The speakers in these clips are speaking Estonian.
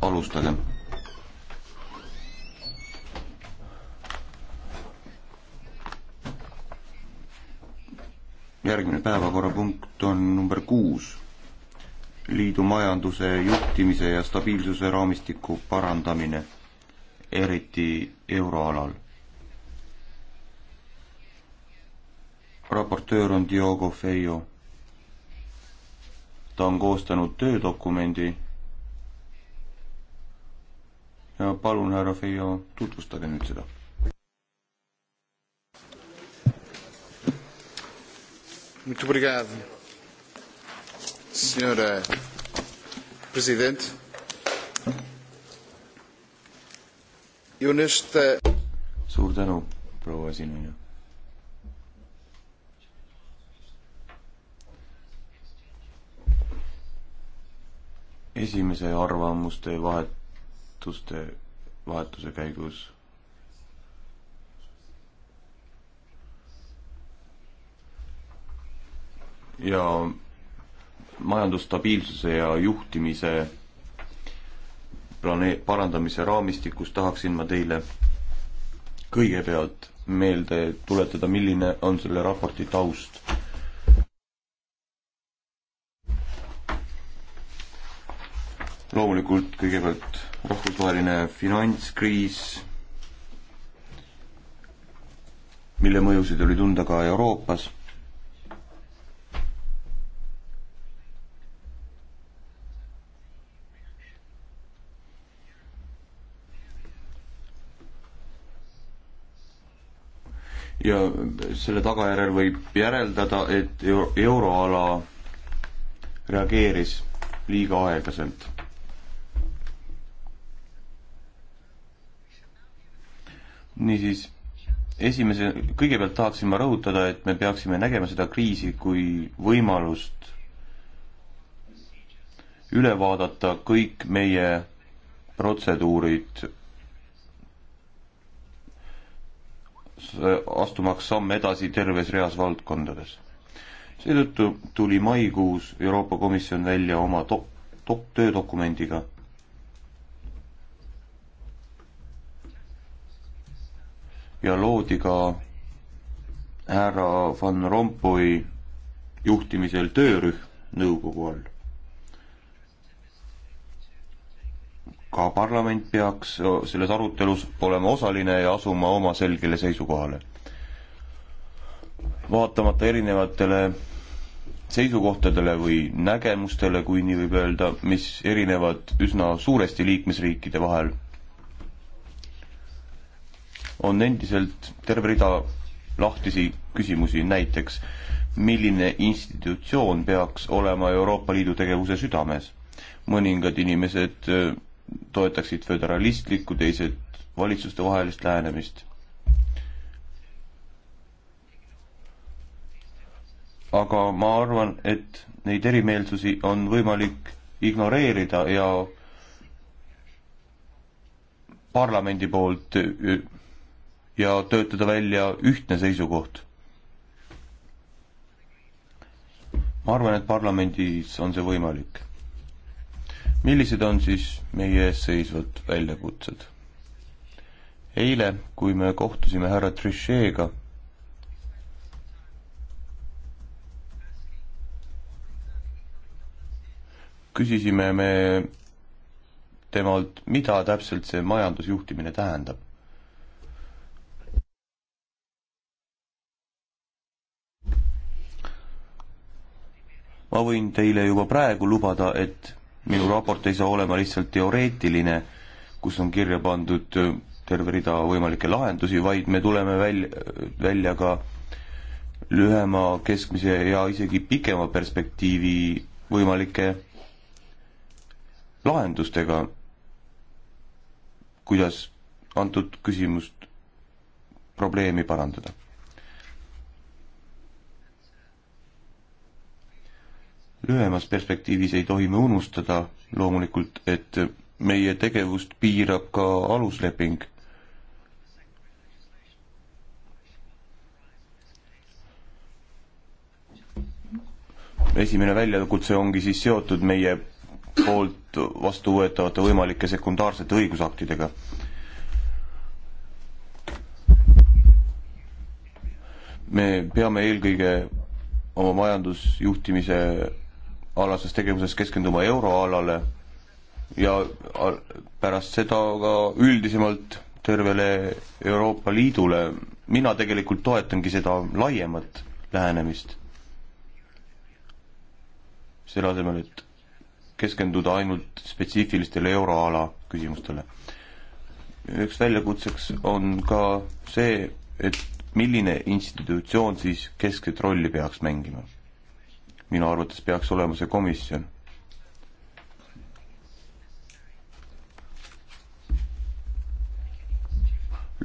alustagem. järgmine päevakorrapunkt on number kuus. liidu majanduse juhtimise ja stabiilsuse raamistiku parandamine, eriti euroalal. raportöör on Diogo Feio ta on koostanud töödokumendi ja palun, härra Feio, tutvustage nüüd seda. Muito obrigado, senhora presidente. Eu nesta... Suur tänu, proua esineja. esimese arvamuste vahet arvamuste vahetuse käigus ja majandusstabiilsuse ja juhtimise plane-, parandamise raamistikus tahaksin ma teile kõigepealt meelde tuletada, milline on selle raporti taust loomulikult kõigepealt rahvusvaheline finantskriis, mille mõjusid oli tunda ka Euroopas. ja selle tagajärjel võib järeldada, et euro euroala reageeris liiga aeglaselt niisiis, esimese, kõigepealt tahaksin ma rõhutada, et me peaksime nägema seda kriisi kui võimalust üle vaadata kõik meie protseduurid, astumaks samme edasi terves reas valdkondades. seetõttu tuli maikuus Euroopa Komisjon välja oma top, top töödokumendiga ja loodi ka härra Van Rompuy juhtimisel töörühm nõukogu all. ka parlament peaks selles arutelus olema osaline ja asuma oma selgele seisukohale. vaatamata erinevatele seisukohtadele või nägemustele, kui nii võib öelda, mis erinevad üsna suuresti liikmesriikide vahel on endiselt terve rida lahtisi küsimusi, näiteks milline institutsioon peaks olema Euroopa Liidu tegevuse südames? mõningad inimesed äh, toetaksid föderalistlikku, teised valitsustevahelist lähenemist. aga ma arvan, et neid erimeelsusi on võimalik ignoreerida ja parlamendi poolt äh, ja töötada välja ühtne seisukoht. ma arvan, et parlamendis on see võimalik. millised on siis meie ees seisvad väljakutsed? eile, kui me kohtusime härra Trichet'ga, küsisime me temalt, mida täpselt see majandusjuhtimine tähendab. ma võin teile juba praegu lubada, et minu raport ei saa olema lihtsalt teoreetiline, kus on kirja pandud terve rida võimalikke lahendusi, vaid me tuleme välja, välja ka lühema, keskmise ja isegi pikema perspektiivi võimalike lahendustega, kuidas antud küsimust, probleemi parandada lühemas perspektiivis ei tohi me unustada loomulikult, et meie tegevust piirab ka alusleping. esimene väljakutse ongi siis seotud meie poolt vastu võetavate võimalike sekundaarsete õigusaktidega. me peame eelkõige oma majandusjuhtimise alases tegevuses keskenduma euroalale ja pärast seda ka üldisemalt tervele Euroopa Liidule. mina tegelikult toetangi seda laiemat lähenemist. selle asemel, et keskenduda ainult spetsiifilistele euroala küsimustele. üheks väljakutseks on ka see, et milline institutsioon siis keskset rolli peaks mängima minu arvates peaks olema see komisjon.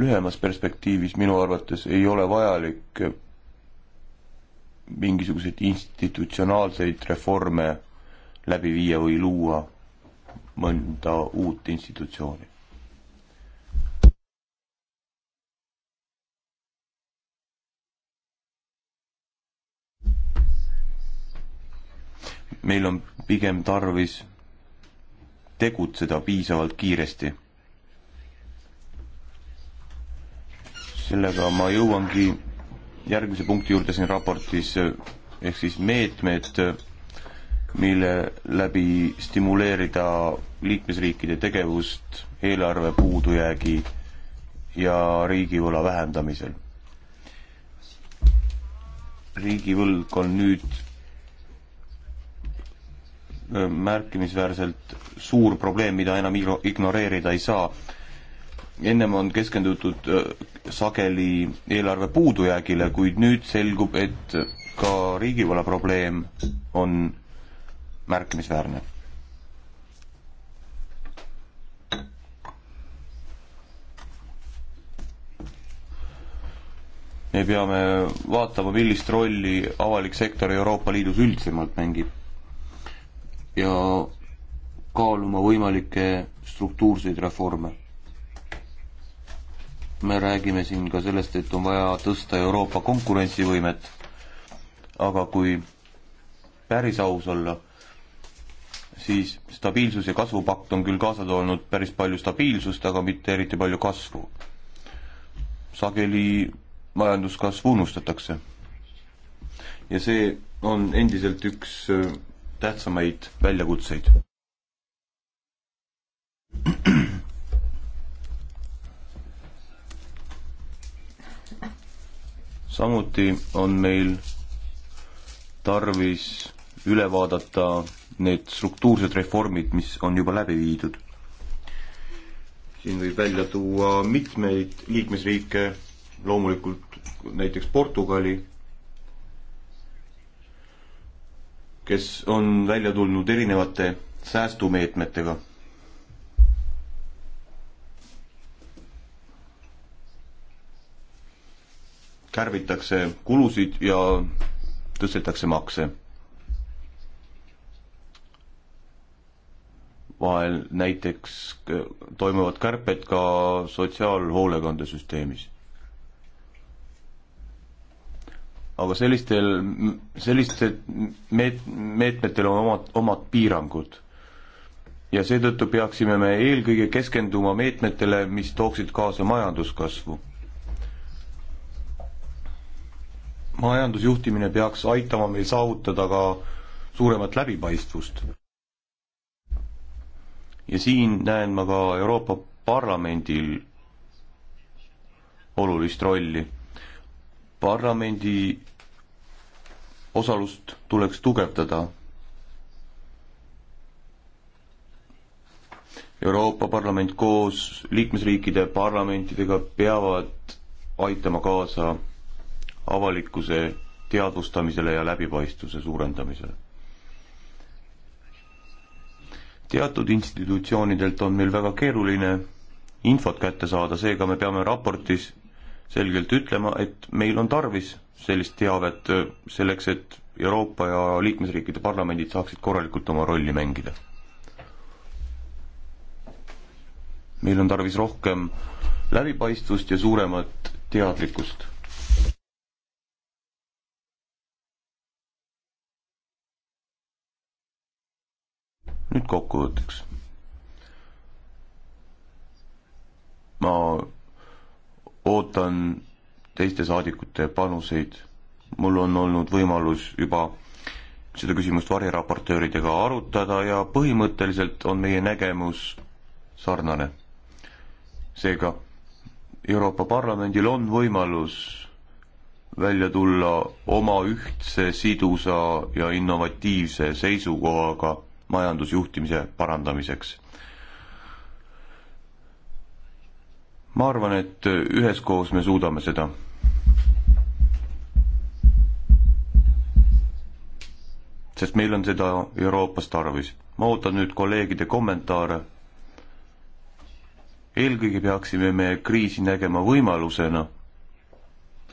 lühemas perspektiivis minu arvates ei ole vajalik mingisuguseid institutsionaalseid reforme läbi viia või luua mõnda uut institutsiooni. meil on pigem tarvis tegutseda piisavalt kiiresti. sellega ma jõuangi järgmise punkti juurde siin raportis, ehk siis meetmed, mille läbi stimuleerida liikmesriikide tegevust eelarve puudujäägi ja riigivõla vähendamisel. riigivõlg on nüüd märkimisväärselt suur probleem, mida enam ignoreerida ei saa. ennem on keskendutud äh, sageli eelarve puudujäägile, kuid nüüd selgub, et ka riigivõla probleem on märkimisväärne. me peame vaatama, millist rolli avalik sektor Euroopa Liidus üldsemalt mängib ja kaaluma võimalikke struktuurseid reforme. me räägime siin ka sellest, et on vaja tõsta Euroopa konkurentsivõimet, aga kui päris aus olla, siis stabiilsus- ja kasvupakt on küll kaasa toonud päris palju stabiilsust, aga mitte eriti palju kasvu. sageli majanduskasvu unustatakse. ja see on endiselt üks tähtsamaid väljakutseid. samuti on meil tarvis üle vaadata need struktuursed reformid, mis on juba läbi viidud. siin võib välja tuua mitmeid liikmesriike, loomulikult näiteks Portugali kes on välja tulnud erinevate säästumeetmetega. kärbitakse kulusid ja tõstetakse makse. vahel näiteks toimuvad kärped ka sotsiaalhoolekandesüsteemis. aga sellistel, sellistel meet-, meetmetel on omad, omad piirangud. ja seetõttu peaksime me eelkõige keskenduma meetmetele, mis tooksid kaasa majanduskasvu. majandusjuhtimine peaks aitama meil saavutada ka suuremat läbipaistvust. ja siin näen ma ka Euroopa Parlamendil olulist rolli parlamendi osalust tuleks tugevdada. Euroopa Parlament koos liikmesriikide parlamentidega peavad aitama kaasa avalikkuse teadvustamisele ja läbipaistvuse suurendamisele. teatud institutsioonidelt on meil väga keeruline infot kätte saada, seega me peame raportis selgelt ütlema, et meil on tarvis sellist teavet äh, selleks, et Euroopa ja liikmesriikide parlamendid saaksid korralikult oma rolli mängida. meil on tarvis rohkem läbipaistvust ja suuremat teadlikkust nüüd kokkuvõtteks. ma ootan teiste saadikute panuseid. mul on olnud võimalus juba seda küsimust variraportööridega arutada ja põhimõtteliselt on meie nägemus sarnane. seega Euroopa Parlamendil on võimalus välja tulla oma ühtse, sidusa ja innovatiivse seisukohaga majandusjuhtimise parandamiseks ma arvan, et äh, üheskoos me suudame seda. sest meil on seda Euroopas tarvis. ma ootan nüüd kolleegide kommentaare. eelkõige peaksime me kriisi nägema võimalusena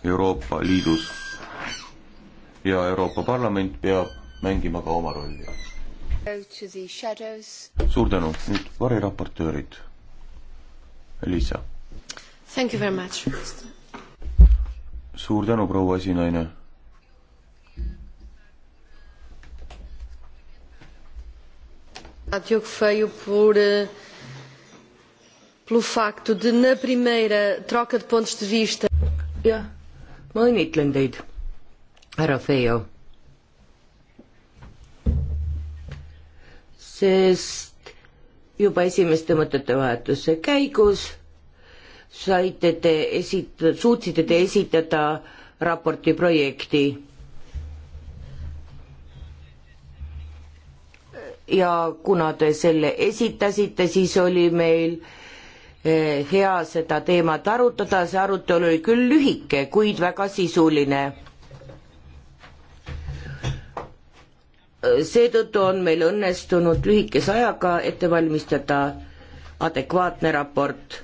Euroopa Liidus ja Euroopa Parlament peab mängima ka oma rolli. suur tänu, nüüd variraportöörid. Liisa Thank you very much. suur tänu, proua esinaine. Eu feio por, eh, pelo facto de, na primeira troca de pontos de vista. jah, ma õnnitlen teid, härra Feio. sest juba esimeste mõtete vahetuse käigus saite te esit-, suutsite te esitada raporti projekti. ja kuna te selle esitasite, siis oli meil eh, hea seda teemat arutada, see arutelu oli küll lühike, kuid väga sisuline seetõttu on meil õnnestunud lühikese ajaga ette valmistada adekvaatne raport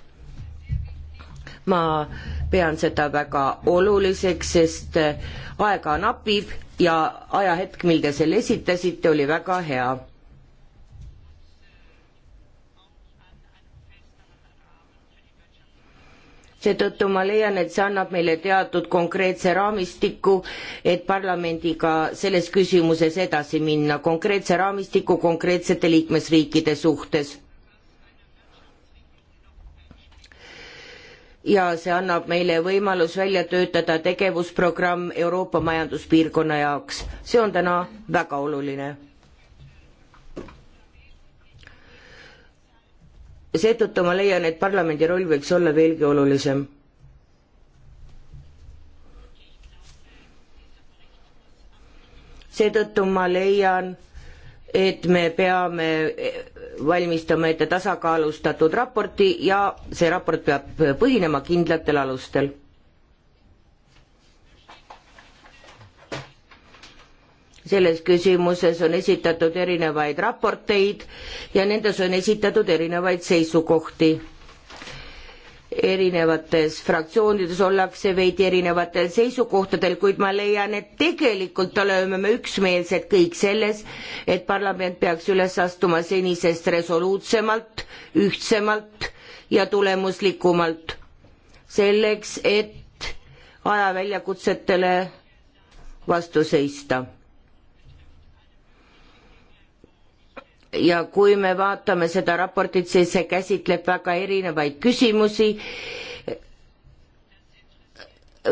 ma pean seda väga oluliseks, sest aega napib ja ajahetk, mil te selle esitasite, oli väga hea. seetõttu ma leian, et see annab meile teatud konkreetse raamistiku, et parlamendiga selles küsimuses edasi minna, konkreetse raamistiku konkreetsete liikmesriikide suhtes ja see annab meile võimalus välja töötada tegevusprogramm Euroopa Majanduspiirkonna jaoks. see on täna väga oluline. seetõttu ma leian, et parlamendi roll võiks olla veelgi olulisem seetõttu ma leian, et me peame valmistame ette tasakaalustatud raporti ja see raport peab põhinema kindlatel alustel. selles küsimuses on esitatud erinevaid raporteid ja nendes on esitatud erinevaid seisukohti erinevates fraktsioonides ollakse veidi erinevatel seisukohtadel, kuid ma leian, et tegelikult oleme me üksmeelsed kõik selles, et parlament peaks üles astuma senisest resoluutsemalt, ühtsemalt ja tulemuslikumalt. selleks, et ajaväljakutsetele vastu seista ja kui me vaatame seda raportit, siis see käsitleb väga erinevaid küsimusi,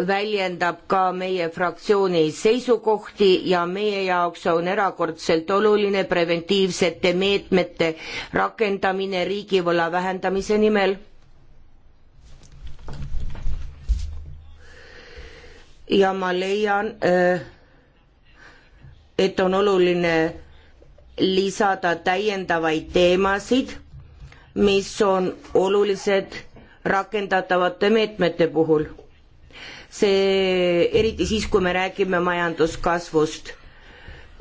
väljendab ka meie fraktsiooni seisukohti ja meie jaoks on erakordselt oluline preventiivsete meetmete rakendamine riigivõla vähendamise nimel ja ma leian, et on oluline lisada täiendavaid teemasid, mis on olulised rakendatavate meetmete puhul. see, eriti siis, kui me räägime majanduskasvust.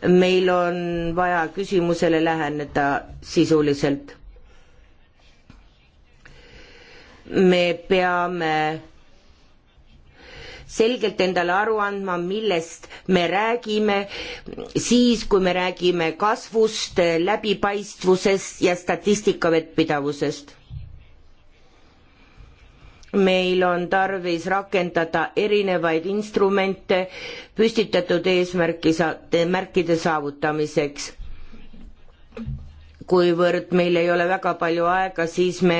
meil on vaja küsimusele läheneda sisuliselt. me peame selgelt endale aru andma, millest me räägime, siis kui me räägime kasvust, läbipaistvusest ja statistika vettpidavusest. meil on tarvis rakendada erinevaid instrumente püstitatud eesmärki sa-, märkide saavutamiseks kuivõrd meil ei ole väga palju aega, siis me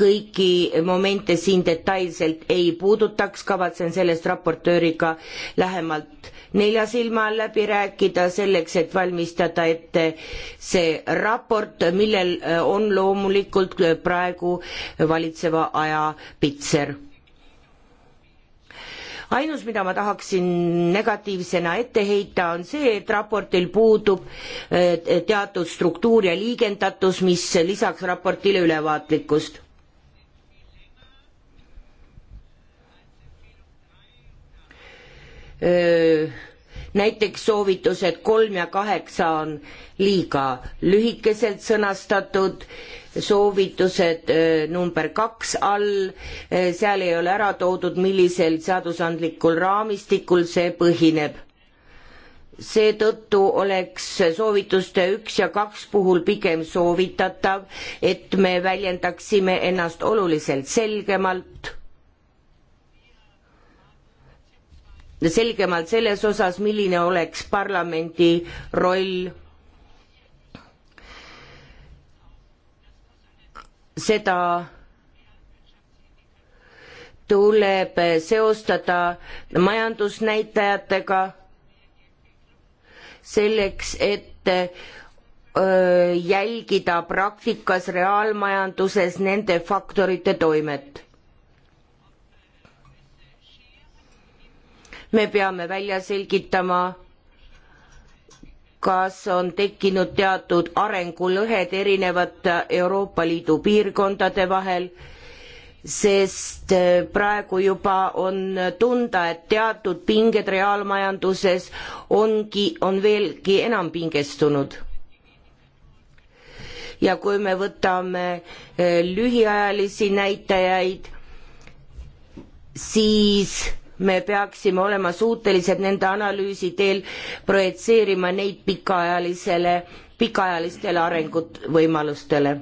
kõiki momente siin detailselt ei puudutaks, kavatsen sellest raportööriga lähemalt nelja silma all läbi rääkida, selleks et valmistada ette see raport, millel äh, on loomulikult praegu valitseva aja pitser ainus, mida ma tahaksin negatiivsena ette heita, on see, et raportil puudub eh, teatud struktuur ja liigendatus, mis lisaks raportile ülevaatlikkust. öö, eh, näiteks soovitused kolm ja kaheksa on liiga lühikeselt sõnastatud soovitused äh, number kaks all, äh, seal ei ole ära toodud, millisel seadusandlikul raamistikul see põhineb. seetõttu oleks soovituste üks ja kaks puhul pigem soovitatav, et me väljendaksime ennast oluliselt selgemalt selgemalt selles osas, milline oleks parlamendi roll seda tuleb seostada majandusnäitajatega selleks, et öö, jälgida praktikas reaalmajanduses nende faktorite toimet. me peame välja selgitama kas on tekkinud teatud arengulõhed erinevate Euroopa Liidu piirkondade vahel, sest äh, praegu juba on tunda, et teatud pinged reaalmajanduses ongi, on veelgi enam pingestunud. ja kui me võtame äh, lühiajalisi näitajaid, siis me peaksime olema suutelised nende analüüsi teel projitseerima neid pikaajalisele, pikaajalistele arengut võimalustele.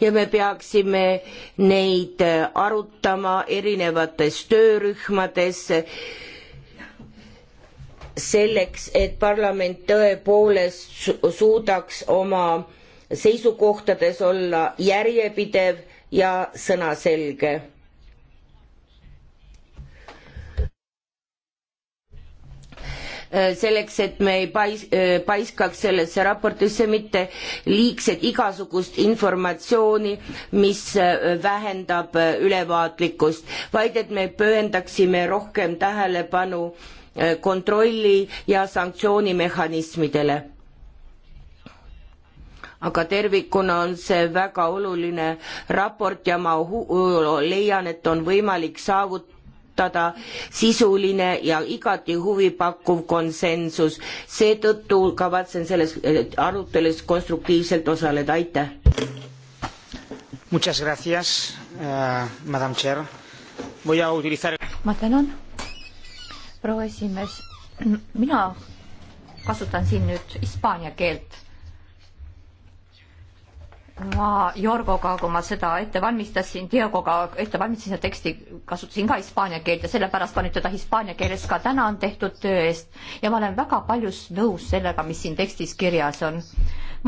ja me peaksime neid arutama erinevates töörühmades selleks, et parlament tõepoolest suudaks oma seisukohtades olla järjepidev ja sõnaselge. selleks, et me ei pais-, paiskaks sellesse raportisse mitte liigset igasugust informatsiooni, mis äh, vähendab äh, ülevaatlikkust, vaid et me pühendaksime rohkem tähelepanu äh, kontrolli ja sanktsioonimehhanismidele aga tervikuna on see väga oluline raport ja ma leian, et on võimalik saavutada sisuline ja igati huvipakkuv konsensus. seetõttu kavatsen selles eh, arutelus konstruktiivselt osaleda, aitäh. Muchas gracias uh,, madam chair. Voy a utilizar. ma tänan, proua esimees. mina kasutan siin nüüd hispaania keelt ma Jorgoga, kui ma seda ette valmistasin, Diegoga ette valmistasin seda teksti, kasutasin ka hispaania keelt ja sellepärast ma nüüd teda hispaania keeles ka tänan tehtud töö eest ja ma olen väga paljus nõus sellega, mis siin tekstis kirjas on.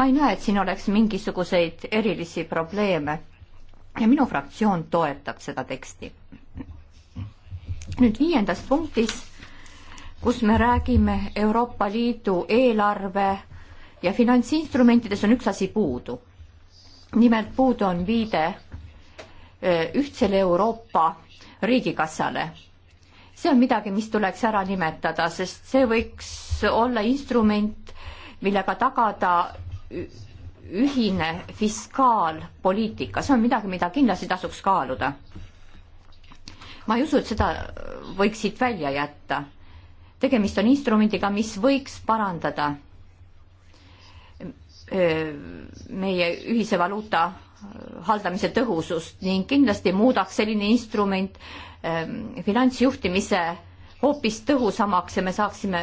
ma ei näe, et siin oleks mingisuguseid erilisi probleeme ja minu fraktsioon toetab seda teksti. nüüd viiendas punktis, kus me räägime Euroopa Liidu eelarve ja finantsinstrumentides on üks asi puudu nimelt puudu on viide ühtsele Euroopa riigikassale. see on midagi, mis tuleks ära nimetada, sest see võiks olla instrument, millega tagada ühine fiskaalpoliitika, see on midagi, mida kindlasti tasuks kaaluda. ma ei usu, et seda võiks siit välja jätta. tegemist on instrumendiga, mis võiks parandada meie ühise valuuta haldamise tõhusust ning kindlasti muudaks selline instrument finantsjuhtimise hoopis tõhusamaks ja me saaksime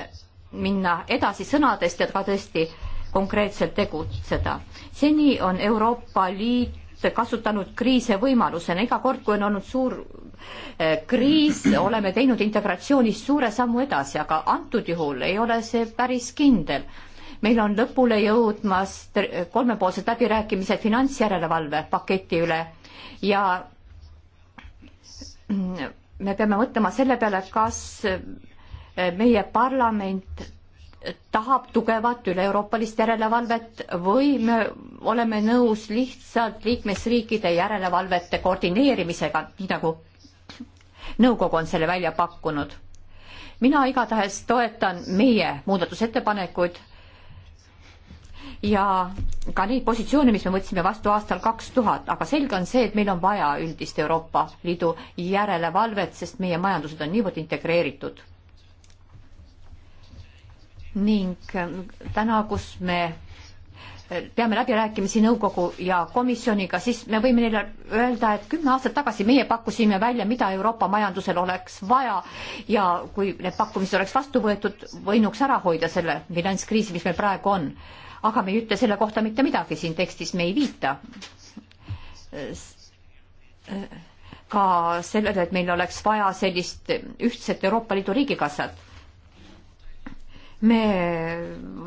minna edasi sõnadest ja ka tõesti konkreetselt tegutseda. seni on Euroopa Liit kasutanud kriise võimalusena, iga kord, kui on olnud suur kriis, oleme teinud integratsioonis suure sammu edasi, aga antud juhul ei ole see päris kindel meil on lõpule jõudmas kolmepoolsed läbirääkimised finantsjärelevalve paketi üle ja me peame mõtlema selle peale, kas meie parlament tahab tugevat üle-euroopalist järelevalvet või me oleme nõus lihtsalt liikmesriikide järelevalvete koordineerimisega, nii nagu nõukogu on selle välja pakkunud. mina igatahes toetan meie muudatusettepanekuid ja ka neid positsioone, mis me võtsime vastu aastal kaks tuhat, aga selge on see, et meil on vaja üldist Euroopa Liidu järelevalvet, sest meie majandused on niivõrd integreeritud. ning äh, täna, kus me äh, peame läbirääkimisi nõukogu ja komisjoniga, siis me võime neile öelda, et kümme aastat tagasi meie pakkusime välja, mida Euroopa majandusel oleks vaja ja kui need pakkumised oleks vastu võetud, võinuks ära hoida selle finantskriisi, mis meil praegu on aga me ei ütle selle kohta mitte midagi siin tekstis, me ei viita ka sellele, et meil oleks vaja sellist ühtset Euroopa Liidu riigikassat. me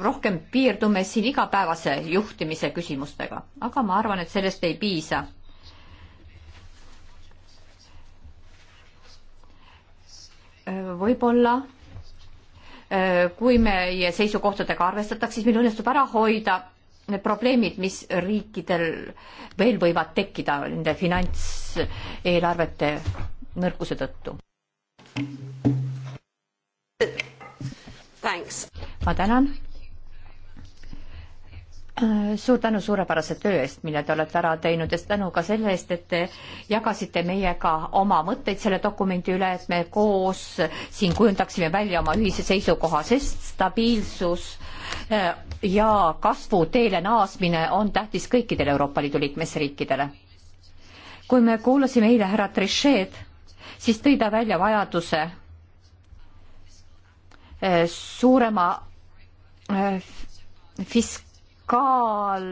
rohkem piirdume siin igapäevase juhtimise küsimustega, aga ma arvan, et sellest ei piisa. võib-olla Äh, kui meie seisukohtadega arvestatakse, siis meil õnnestub ära hoida need probleemid, mis riikidel veel võivad tekkida nende finantseelarvete nõrkuse tõttu. ma tänan Äh, suur tänu suurepärase töö eest, mille te olete ära teinud ja tänu ka selle eest, et te jagasite meiega oma mõtteid selle dokumendi üle, et me koos siin kujundaksime välja oma ühise seisukoha, sest stabiilsus äh, ja kasvu teele naasmine on tähtis kõikidele Euroopa Liidu liikmesriikidele. kui me kuulasime eile härra Trichet, siis tõi ta välja vajaduse äh, suurema fisk-, kaal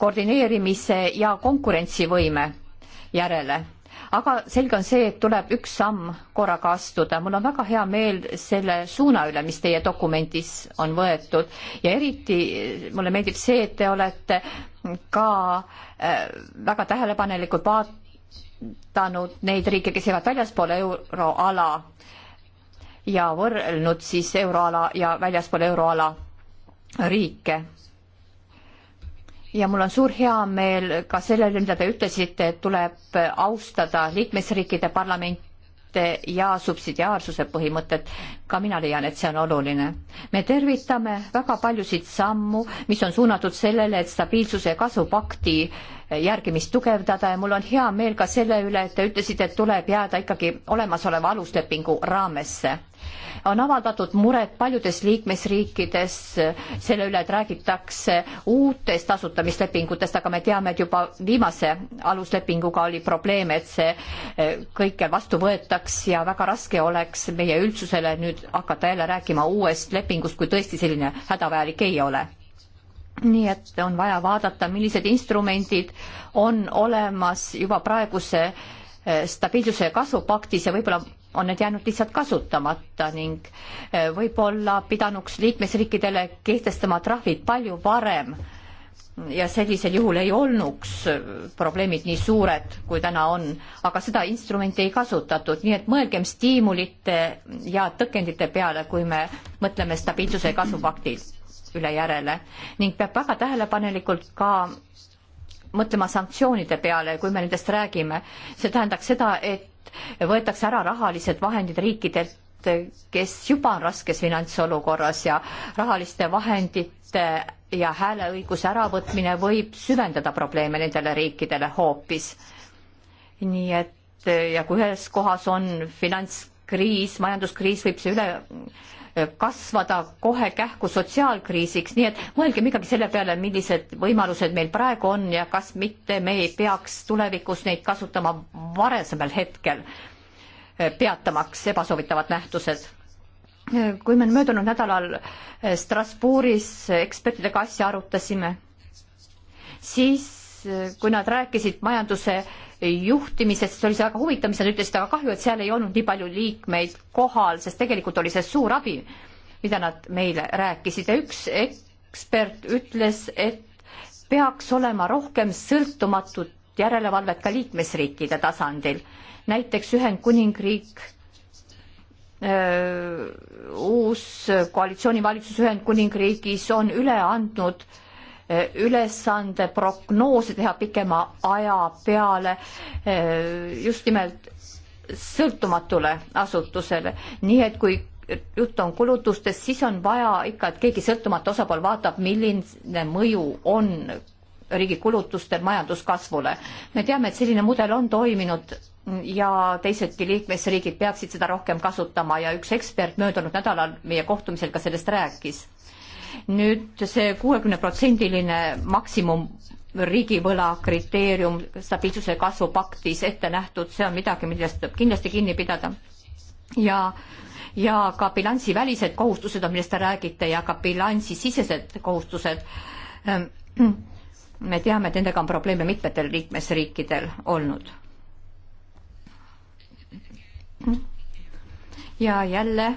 koordineerimise ja konkurentsivõime järele. aga selge on see, et tuleb üks samm korraga astuda. mul on väga hea meel selle suuna üle, mis teie dokumendis on võetud ja eriti mulle meeldib see, et te olete ka äh, väga tähelepanelikult vaadanud neid riike, kes jäävad väljaspoole euroala ja võrrelnud siis euroala ja väljaspool euroala riike. ja mul on suur heameel ka sellele, mida te ütlesite, et tuleb austada liikmesriikide parlamente ja subsidiaarsuse põhimõtet. ka mina leian, et see on oluline. me tervitame väga paljusid sammu, mis on suunatud sellele, et stabiilsuse ja kasvupakti järgimist tugevdada ja mul on hea meel ka selle üle, et te ütlesite, et tuleb jääda ikkagi olemasoleva aluslepingu raamesse on avaldatud muret paljudes liikmesriikides selle üle, et räägitakse uutest asutamislepingutest, aga me teame, et juba viimase aluslepinguga oli probleeme, et see eh, kõike vastu võetaks ja väga raske oleks meie üldsusele nüüd hakata jälle rääkima uuest lepingust, kui tõesti selline hädavajalik ei ole nii et on vaja vaadata, millised instrumendid on olemas juba praeguse eh, stabiilsuse ja kasvupaktis ja võib-olla on need jäänud lihtsalt kasutamata ning eh, võib-olla pidanuks liikmesriikidele kehtestama trahvid palju varem ja sellisel juhul ei olnuks eh, probleemid nii suured, kui täna on, aga seda instrumenti ei kasutatud, nii et mõelgem stiimulite ja tõkendite peale, kui me mõtleme stabiilsuse kasupakti üle järele ning peab väga tähelepanelikult ka mõtlema sanktsioonide peale, kui me nendest räägime. see tähendaks seda, et võetakse ära rahalised vahendid riikidelt, kes juba on raskes finantsolukorras ja rahaliste vahendite ja hääleõiguse äravõtmine võib süvendada probleeme nendele riikidele hoopis. nii et ja kui ühes kohas on finantskriis, majanduskriis, võib see üle kasvada kohe kähku sotsiaalkriisiks, nii et mõelgem ikkagi selle peale, millised võimalused meil praegu on ja kas mitte me ei peaks tulevikus neid kasutama varasemel hetkel, eh, peatamaks ebasoovitavad nähtused kui me möödunud nädalal eh, Strasbourgis ekspertidega asja arutasime, siis eh, kui nad rääkisid majanduse juhtimisest, see oli see väga huvitav, mis nad ütlesid, aga kahju, et seal ei olnud nii palju liikmeid kohal, sest tegelikult oli see suur abi, mida nad meile rääkisid ja üks ekspert ütles, et peaks olema rohkem sõltumatut järelevalvet ka liikmesriikide tasandil. näiteks Ühendkuningriik uus koalitsioonivalitsus Ühendkuningriigis on üle andnud öö, ülesande prognoose teha pikema aja peale eh, just nimelt sõltumatule asutusele, nii et kui jutt on kulutustest, siis on vaja ikka, et keegi sõltumatu osapool vaatab, milline mõju on riigi kulutustel majanduskasvule. me teame, et selline mudel on toiminud ja teisedki liikmesriigid peaksid seda rohkem kasutama ja üks ekspert möödunud nädalal meie kohtumisel ka sellest rääkis nüüd see kuuekümneprotsendiline maksimum riigivõla kriteerium stabiilsuse kasvupaktis ette nähtud, see on midagi, millest tuleb kindlasti kinni pidada. ja, ja ka bilansivälised kohustused on, millest te räägite ja ka bilansisisesed kohustused. Ehm, me teame, et nendega on probleeme mitmetel liikmesriikidel olnud. ja jälle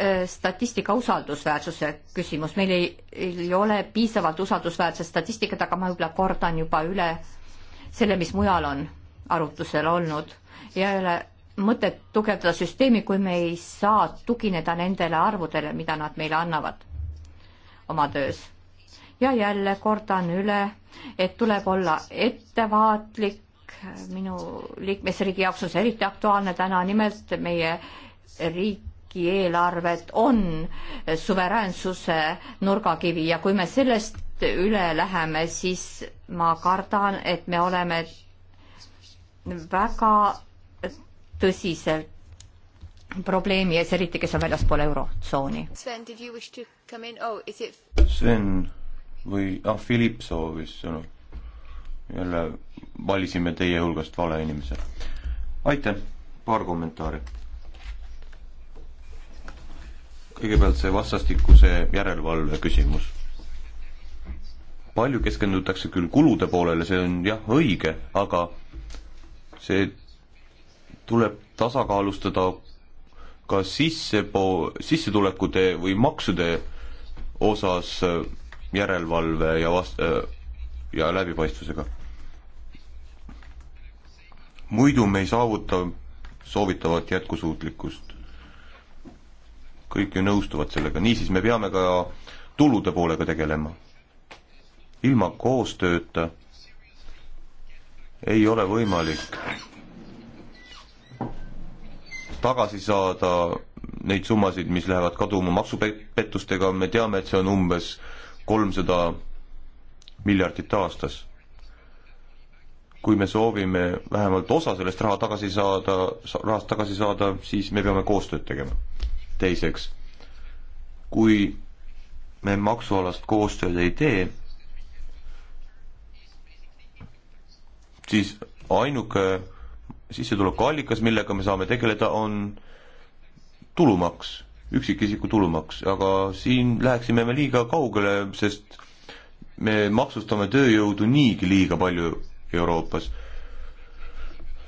Äh, statistika usaldusväärsuse küsimus, meil ei, ei ole piisavalt usaldusväärset statistikat, aga ma võib-olla kordan juba üle selle, mis mujal on arutlusel olnud ja ei ole mõtet tugevdada süsteemi, kui me ei saa tugineda nendele arvudele, mida nad meile annavad oma töös. ja jälle kordan üle, et tuleb olla ettevaatlik, minu liikmesriigi jaoks on see eriti aktuaalne täna, nimelt meie riik riigieelarved on suveräänsuse nurgakivi ja kui me sellest üle läheme, siis ma kardan, et me oleme väga tõsiselt probleemi ees, eriti kes on väljaspool eurotsooni. Sven, did you wish to come in? Oh, is it? Sven või, ah, Philipp soovis sõna. jälle valisime teie hulgast vale inimese. aitäh, paar kommentaari kõigepealt see vastastikuse järelevalve küsimus. palju keskendutakse küll kulude poolele, see on jah õige, aga see tuleb tasakaalustada ka sissepo-, sissetulekute või maksude osas äh, järelevalve ja vast-, äh, ja läbipaistvusega. muidu me ei saavuta soovitavat jätkusuutlikkust kõik ju nõustuvad sellega, niisiis me peame ka tulude poolega tegelema. ilma koostööta ei ole võimalik tagasi saada neid summasid, mis lähevad kaduma maksupettustega, me teame, et see on umbes kolmsada miljardit aastas. kui me soovime vähemalt osa sellest raha tagasi saada, rahast tagasi saada, siis me peame koostööd tegema teiseks, kui me maksualast koostööd ei tee, siis ainuke sissetulekuallikas, millega me saame tegeleda, on tulumaks, üksikisiku tulumaks, aga siin läheksime me liiga kaugele, sest me maksustame tööjõudu niigi liiga palju Euroopas.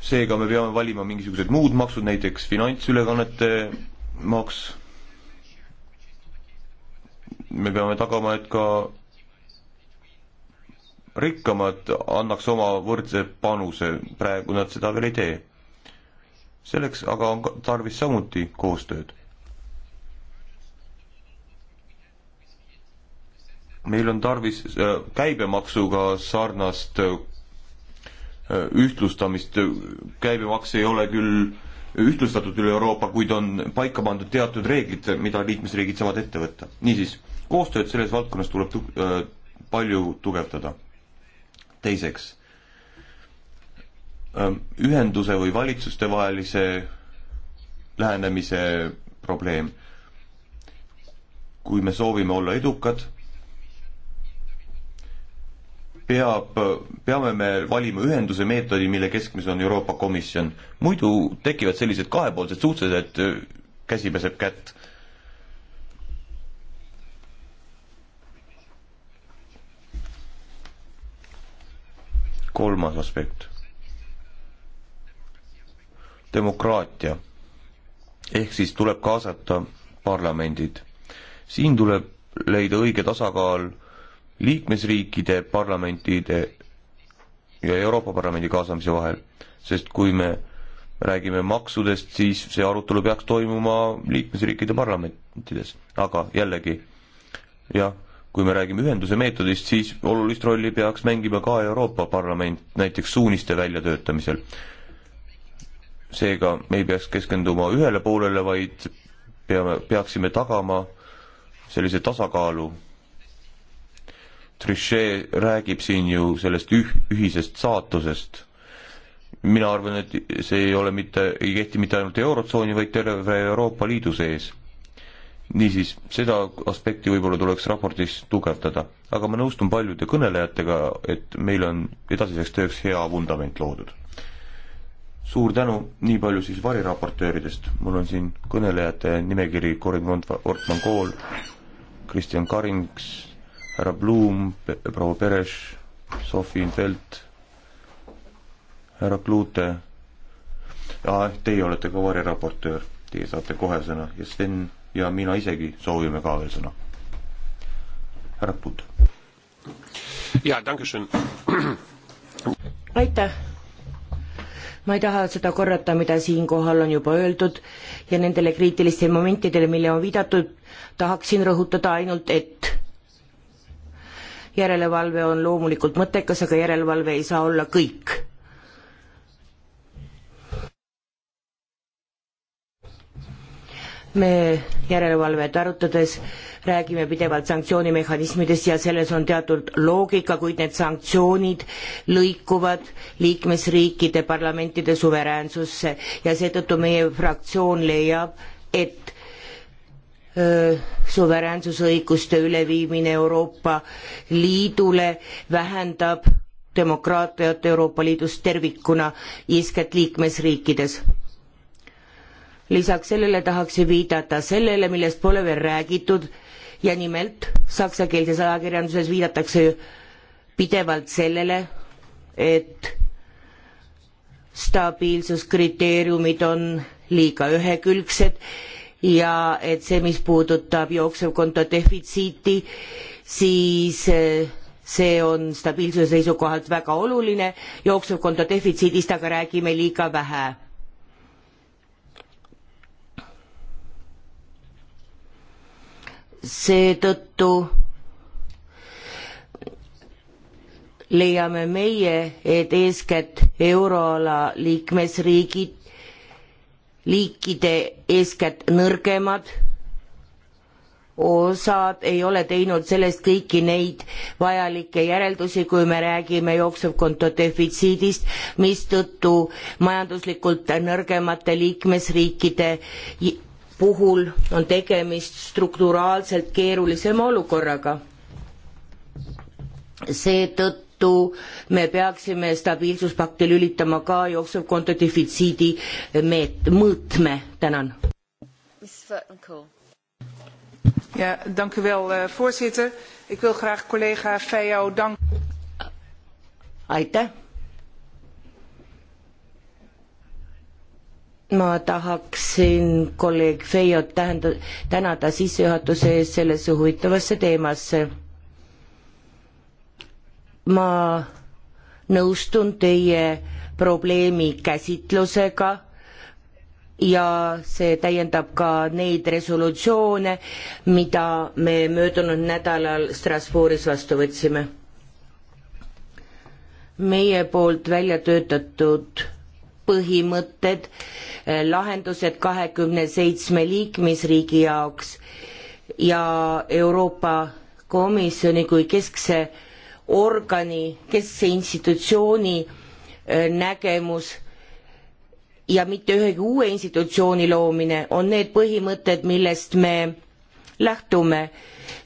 seega me peame valima mingisugused muud maksud, näiteks finantsülekannete maks. me peame tagama, et ka rikkamad annaks oma võrdse panuse, praegu nad seda veel ei tee. selleks aga on tarvis samuti koostööd. meil on tarvis äh, käibemaksuga sarnast äh, ühtlustamist, käibemaks ei ole küll ühtlustatud üle Euroopa, kuid on paika pandud teatud reeglid, mida liikmesriigid saavad ette võtta. niisiis, koostööd selles valdkonnas tuleb tu-, äh, palju tugevdada. teiseks äh,, ühenduse või valitsuste vahelise lähenemise probleem. kui me soovime olla edukad peab, peame me valima ühenduse meetodi, mille keskmes on Euroopa Komisjon. muidu tekivad sellised kahepoolsed suhted, et äh, käsi peseb kätt. kolmas aspekt. demokraatia. ehk siis tuleb kaasata parlamendid. siin tuleb leida õige tasakaal liikmesriikide parlamentide ja Euroopa Parlamendi kaasamise vahel, sest kui me räägime maksudest, siis see arutelu peaks toimuma liikmesriikide parlamentides. aga jällegi, jah, kui me räägime ühenduse meetodist, siis olulist rolli peaks mängima ka Euroopa Parlament näiteks suuniste väljatöötamisel. seega me ei peaks keskenduma ühele poolele, vaid peame, peaksime tagama sellise tasakaalu Trichet räägib siin ju sellest üh-, ühisest saatusest. mina arvan, et see ei ole mitte, ei kehti mitte ainult Eurotsooni, vaid terve Euroopa Liidu sees. niisiis, seda aspekti võib-olla tuleks raportis tugevdada. aga ma nõustun paljude kõnelejatega, et meil on edasiseks tööks hea vundament loodud. suur tänu, nii palju siis variraportööridest, mul on siin kõnelejate nimekiri, Corin Ortman-Kool, Kristjan Karings, härra Blum, proua Peres, Sofi Infeld, härra Klute. Teie olete ka variraportöör, teie saate kohe sõna ja Sten ja mina isegi soovime ka veel sõna. härra Pud. jaa, tänkešen. aitäh ma ei taha seda korrata, mida siinkohal on juba öeldud ja nendele kriitilistele momentidele, mille on viidatud, tahaksin rõhutada ainult, et järelevalve on loomulikult mõttekas, aga järelevalve ei saa olla kõik. me järelevalvet arutades räägime pidevalt sanktsioonimehhanismidest ja selles on teatud loogika, kuid need sanktsioonid lõikuvad liikmesriikide parlamentide suveräänsusse ja seetõttu meie fraktsioon leiab, et suveräänsusõiguste üleviimine Euroopa Liidule vähendab demokraatiat Euroopa Liidus tervikuna, eeskätt liikmesriikides. lisaks sellele tahaksin viidata sellele, millest pole veel räägitud ja nimelt saksakeelses ajakirjanduses viidatakse pidevalt sellele, et stabiilsuskriteeriumid on liiga ühekülgsed ja et see, mis puudutab jooksevkonto defitsiiti, siis eh, see on stabiilsuse seisukohalt väga oluline, jooksevkonto defitsiidist aga räägime liiga vähe. seetõttu leiame meie, et eeskätt euroala liikmesriigid liikide, eeskätt nõrgemad osad ei ole teinud sellest kõiki neid vajalikke järeldusi, kui me räägime jooksevkonto defitsiidist, mistõttu majanduslikult nõrgemate liikmesriikide puhul on tegemist strukturaalselt keerulisema olukorraga. seetõttu tõttu me peaksime stabiilsuspakti lülitama ka jooksevkonto defitsiidi meet-, mõõtme, tänan. Ja, dank u wel, uh, voorzitter. Ik wil graag collega Feio danken. Aitäh. ma tahaksin kolleeg Feiot tähenda, tänada sissejuhatuse eest sellesse huvitavasse teemasse ma nõustun teie probleemi käsitlusega ja see täiendab ka neid resolutsioone, mida me möödunud nädalal Strasbourgis vastu võtsime. meie poolt välja töötatud põhimõtted, eh, lahendused kahekümne seitsme liikmesriigi jaoks ja Euroopa Komisjoni kui keskse organi, keskse institutsiooni äh, nägemus ja mitte ühegi uue institutsiooni loomine on need põhimõtted, millest me lähtume.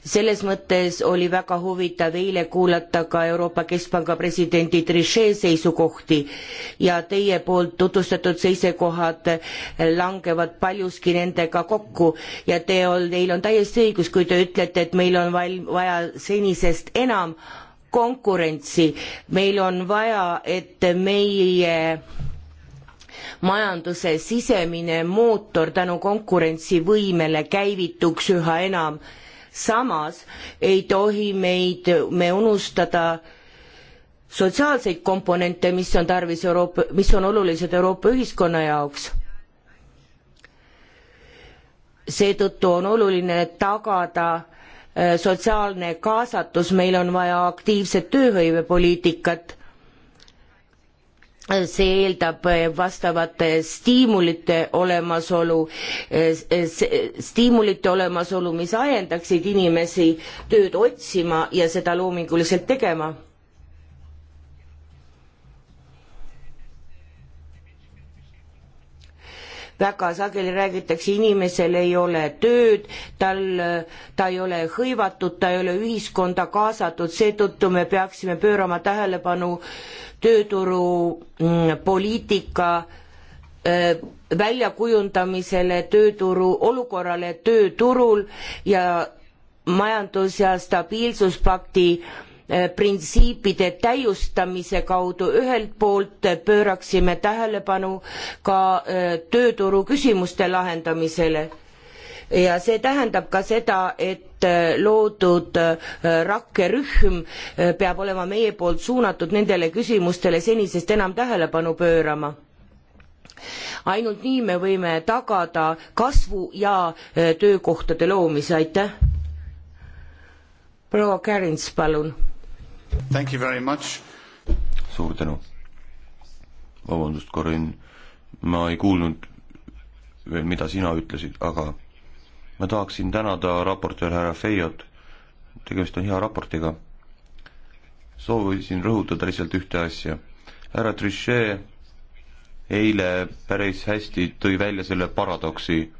selles mõttes oli väga huvitav eile kuulata ka Euroopa Keskpanga presidendi Trichet seisukohti ja teie poolt tutvustatud seisukohad äh, langevad paljuski nendega kokku ja te ol-, teil on täiesti õigus, kui te ütlete, et meil on val-, vaja senisest enam konkurentsi, meil on vaja, et meie majanduse sisemine mootor tänu konkurentsivõimele käivituks üha enam. samas ei tohi meid, me unustada sotsiaalseid komponente, mis on tarvis Euroopa, mis on olulised Euroopa ühiskonna jaoks seetõttu on oluline tagada Äh, sotsiaalne kaasatus, meil on vaja aktiivset tööhõivepoliitikat, äh, see eeldab äh, vastavate stiimulite olemasolu, stiimulite olemasolu, mis ajendaksid inimesi tööd otsima ja seda loominguliselt tegema väga sageli räägitakse, inimesel ei ole tööd, tal, ta ei ole hõivatud, ta ei ole ühiskonda kaasatud, seetõttu me peaksime pöörama tähelepanu tööturu mm, poliitika äh, väljakujundamisele, tööturu olukorrale tööturul ja majandus- ja stabiilsuspakti Eh, printsiipide täiustamise kaudu ühelt poolt pööraksime tähelepanu ka eh, tööturu küsimuste lahendamisele ja see tähendab ka seda, et eh, loodud rakkerühm peab olema meie poolt suunatud nendele küsimustele senisest enam tähelepanu pöörama ainult nii me võime tagada kasvu ja töökohtade loomise, aitäh. proua Kärins, palun suur tänu. vabandust, Karin, ma ei kuulnud veel, mida sina ütlesid, aga ma tahaksin tänada raportöör härra Feiot, tegemist on hea raportiga. soovisin rõhutada lihtsalt ühte asja. härra Trichet eile päris hästi tõi välja selle paradoksi.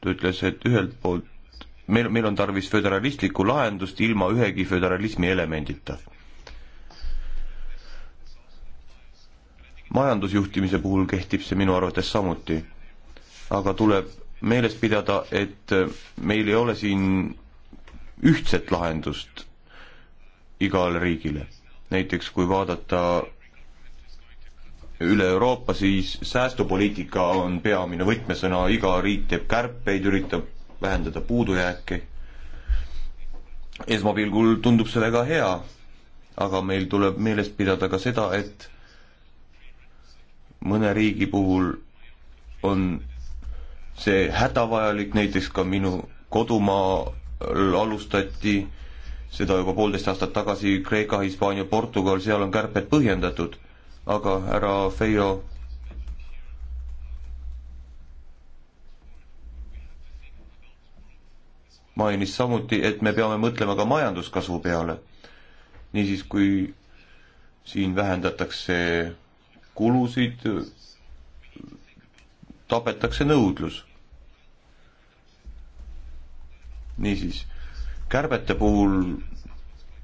ta ütles, et ühelt poolt meil, meil on tarvis föderalistlikku lahendust ilma ühegi föderalismi elemendita. majandusjuhtimise puhul kehtib see minu arvates samuti, aga tuleb meeles pidada, et meil ei ole siin ühtset lahendust igale riigile. näiteks kui vaadata üle Euroopa, siis säästupoliitika on peamine võtmesõna, iga riik teeb kärpeid, üritab vähendada puudujääki. esmapilgul tundub see väga hea, aga meil tuleb meeles pidada ka seda, et mõne riigi puhul on see hädavajalik, näiteks ka minu kodumaal alustati seda juba poolteist aastat tagasi Kreeka, Hispaania, Portugal, seal on kärped põhjendatud, aga härra Feio mainis samuti, et me peame mõtlema ka majanduskasvu peale. niisiis, kui siin vähendatakse kulusid, tapetakse nõudlus. niisiis, kärbete puhul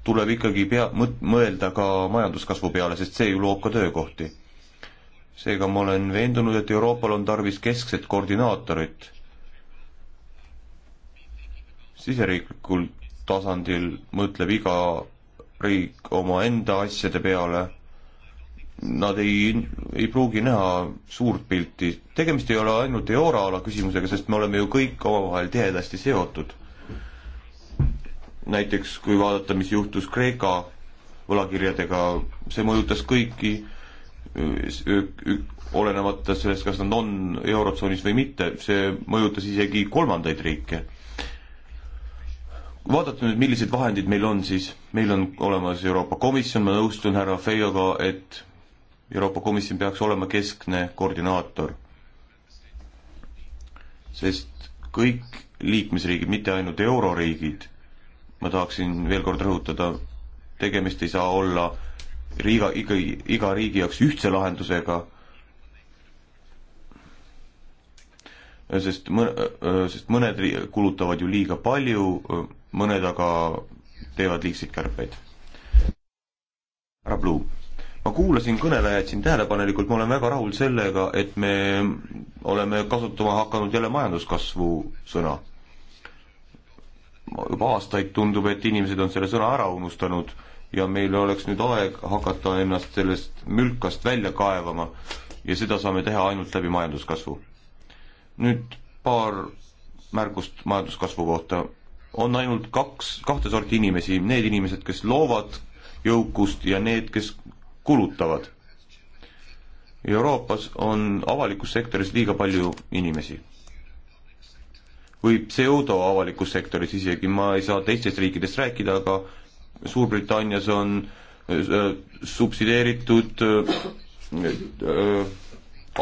tuleb ikkagi pea, mõelda ka majanduskasvu peale, sest see ju loob ka töökohti. seega ma olen veendunud, et Euroopal on tarvis keskset koordinaatorit siseriiklikul tasandil mõtleb iga riik omaenda asjade peale, nad ei, ei pruugi näha suurt pilti. tegemist ei ole ainult euroala küsimusega, sest me oleme ju kõik omavahel tihedasti seotud. näiteks kui vaadata, mis juhtus Kreeka võlakirjadega, see mõjutas kõiki, olenemata sellest, kas nad on Eurotsoonis või mitte, see mõjutas isegi kolmandaid riike vaadata nüüd, millised vahendid meil on, siis meil on olemas Euroopa Komisjon, ma nõustun härra Feioga, et Euroopa Komisjon peaks olema keskne koordinaator. sest kõik liikmesriigid, mitte ainult euroriigid, ma tahaksin veel kord rõhutada, tegemist ei saa olla iga, iga, iga riigi jaoks ühtse lahendusega sest mõn-, sest mõned kulutavad ju liiga palju, mõned aga teevad liigseid kärpeid. härra Blum, ma kuulasin kõnelejaid siin tähelepanelikult, ma olen väga rahul sellega, et me oleme kasutama hakanud jälle majanduskasvu sõna. juba aastaid tundub, et inimesed on selle sõna ära unustanud ja meil oleks nüüd aeg hakata ennast sellest mülkast välja kaevama ja seda saame teha ainult läbi majanduskasvu. nüüd paar märkust majanduskasvu kohta on ainult kaks, kahte sorti inimesi, need inimesed, kes loovad jõukust ja need, kes kulutavad. Euroopas on avalikus sektoris liiga palju inimesi. või pseudoavalikus sektoris isegi, ma ei saa teistest riikidest rääkida, aga Suurbritannias on äh, subsideeritud äh, äh,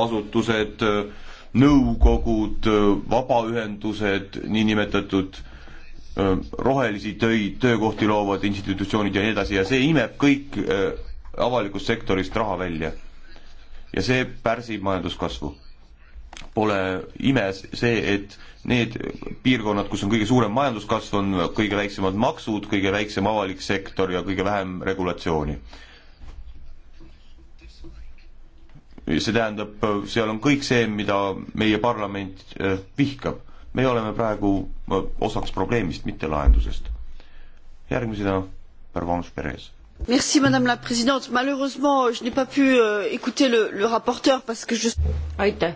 asutused, äh, nõukogud, äh, vabaühendused, niinimetatud äh, rohelisi töid, töökohti loovad institutsioonid ja nii edasi ja see imeb kõik avalikust sektorist raha välja. ja see pärsib majanduskasvu. Pole ime see, et need piirkonnad, kus on kõige suurem majanduskasv, on kõige väiksemad maksud, kõige väiksem avalik sektor ja kõige vähem regulatsiooni. see tähendab, seal on kõik see, mida meie parlament vihkab me oleme praegu äh, osaks probleemist, mitte lahendusest. järgmisena Pervanche Perez. Merci Madame la Présidente. Malheureusement, je n'ai pas pu euh, écouter le, le rapporteur parce que je... aitäh.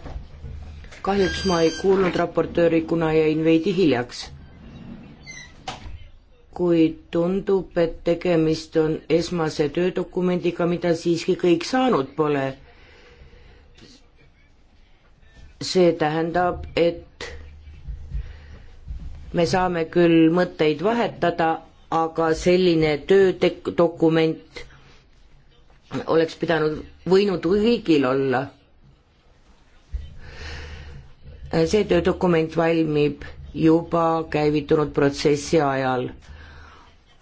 kahjuks ma ei kuulnud raportööri, kuna jäin veidi hiljaks. kuid tundub, et tegemist on esmase töödokumendiga, mida siiski kõik saanud pole. see tähendab, et me saame küll mõtteid vahetada, aga selline töödokument oleks pidanud, võinud riigil olla. see töödokument valmib juba käivitunud protsessi ajal,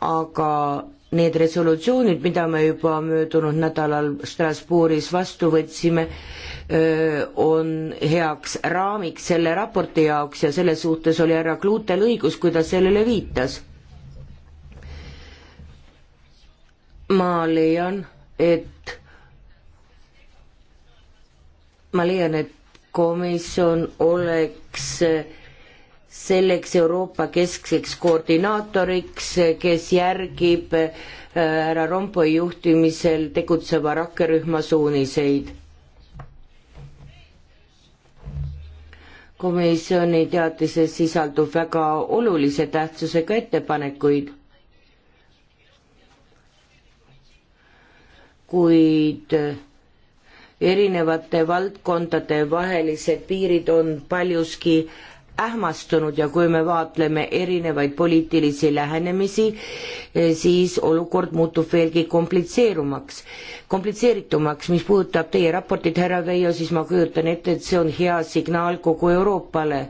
aga need resolutsioonid, mida me juba möödunud nädalal Strasbourgis vastu võtsime, on heaks raamiks selle raporti jaoks ja selles suhtes oli härra Kluutel õigus, kui ta sellele viitas. ma leian, et, ma leian, et komisjon oleks äh, selleks Euroopa keskseks koordinaatoriks, kes järgib äh, härra Rompoi juhtimisel tegutseva rakkerühma suuniseid. komisjoni teatises sisaldub väga olulise tähtsusega ettepanekuid, kuid äh, erinevate valdkondade vahelised piirid on paljuski äh, ähmastunud ja kui me vaatleme erinevaid poliitilisi lähenemisi, eh, siis olukord muutub veelgi komplitseerumaks, komplitseeritumaks. mis puudutab teie raportit, härra Veijo, siis ma kujutan ette, et see on hea signaal kogu Euroopale.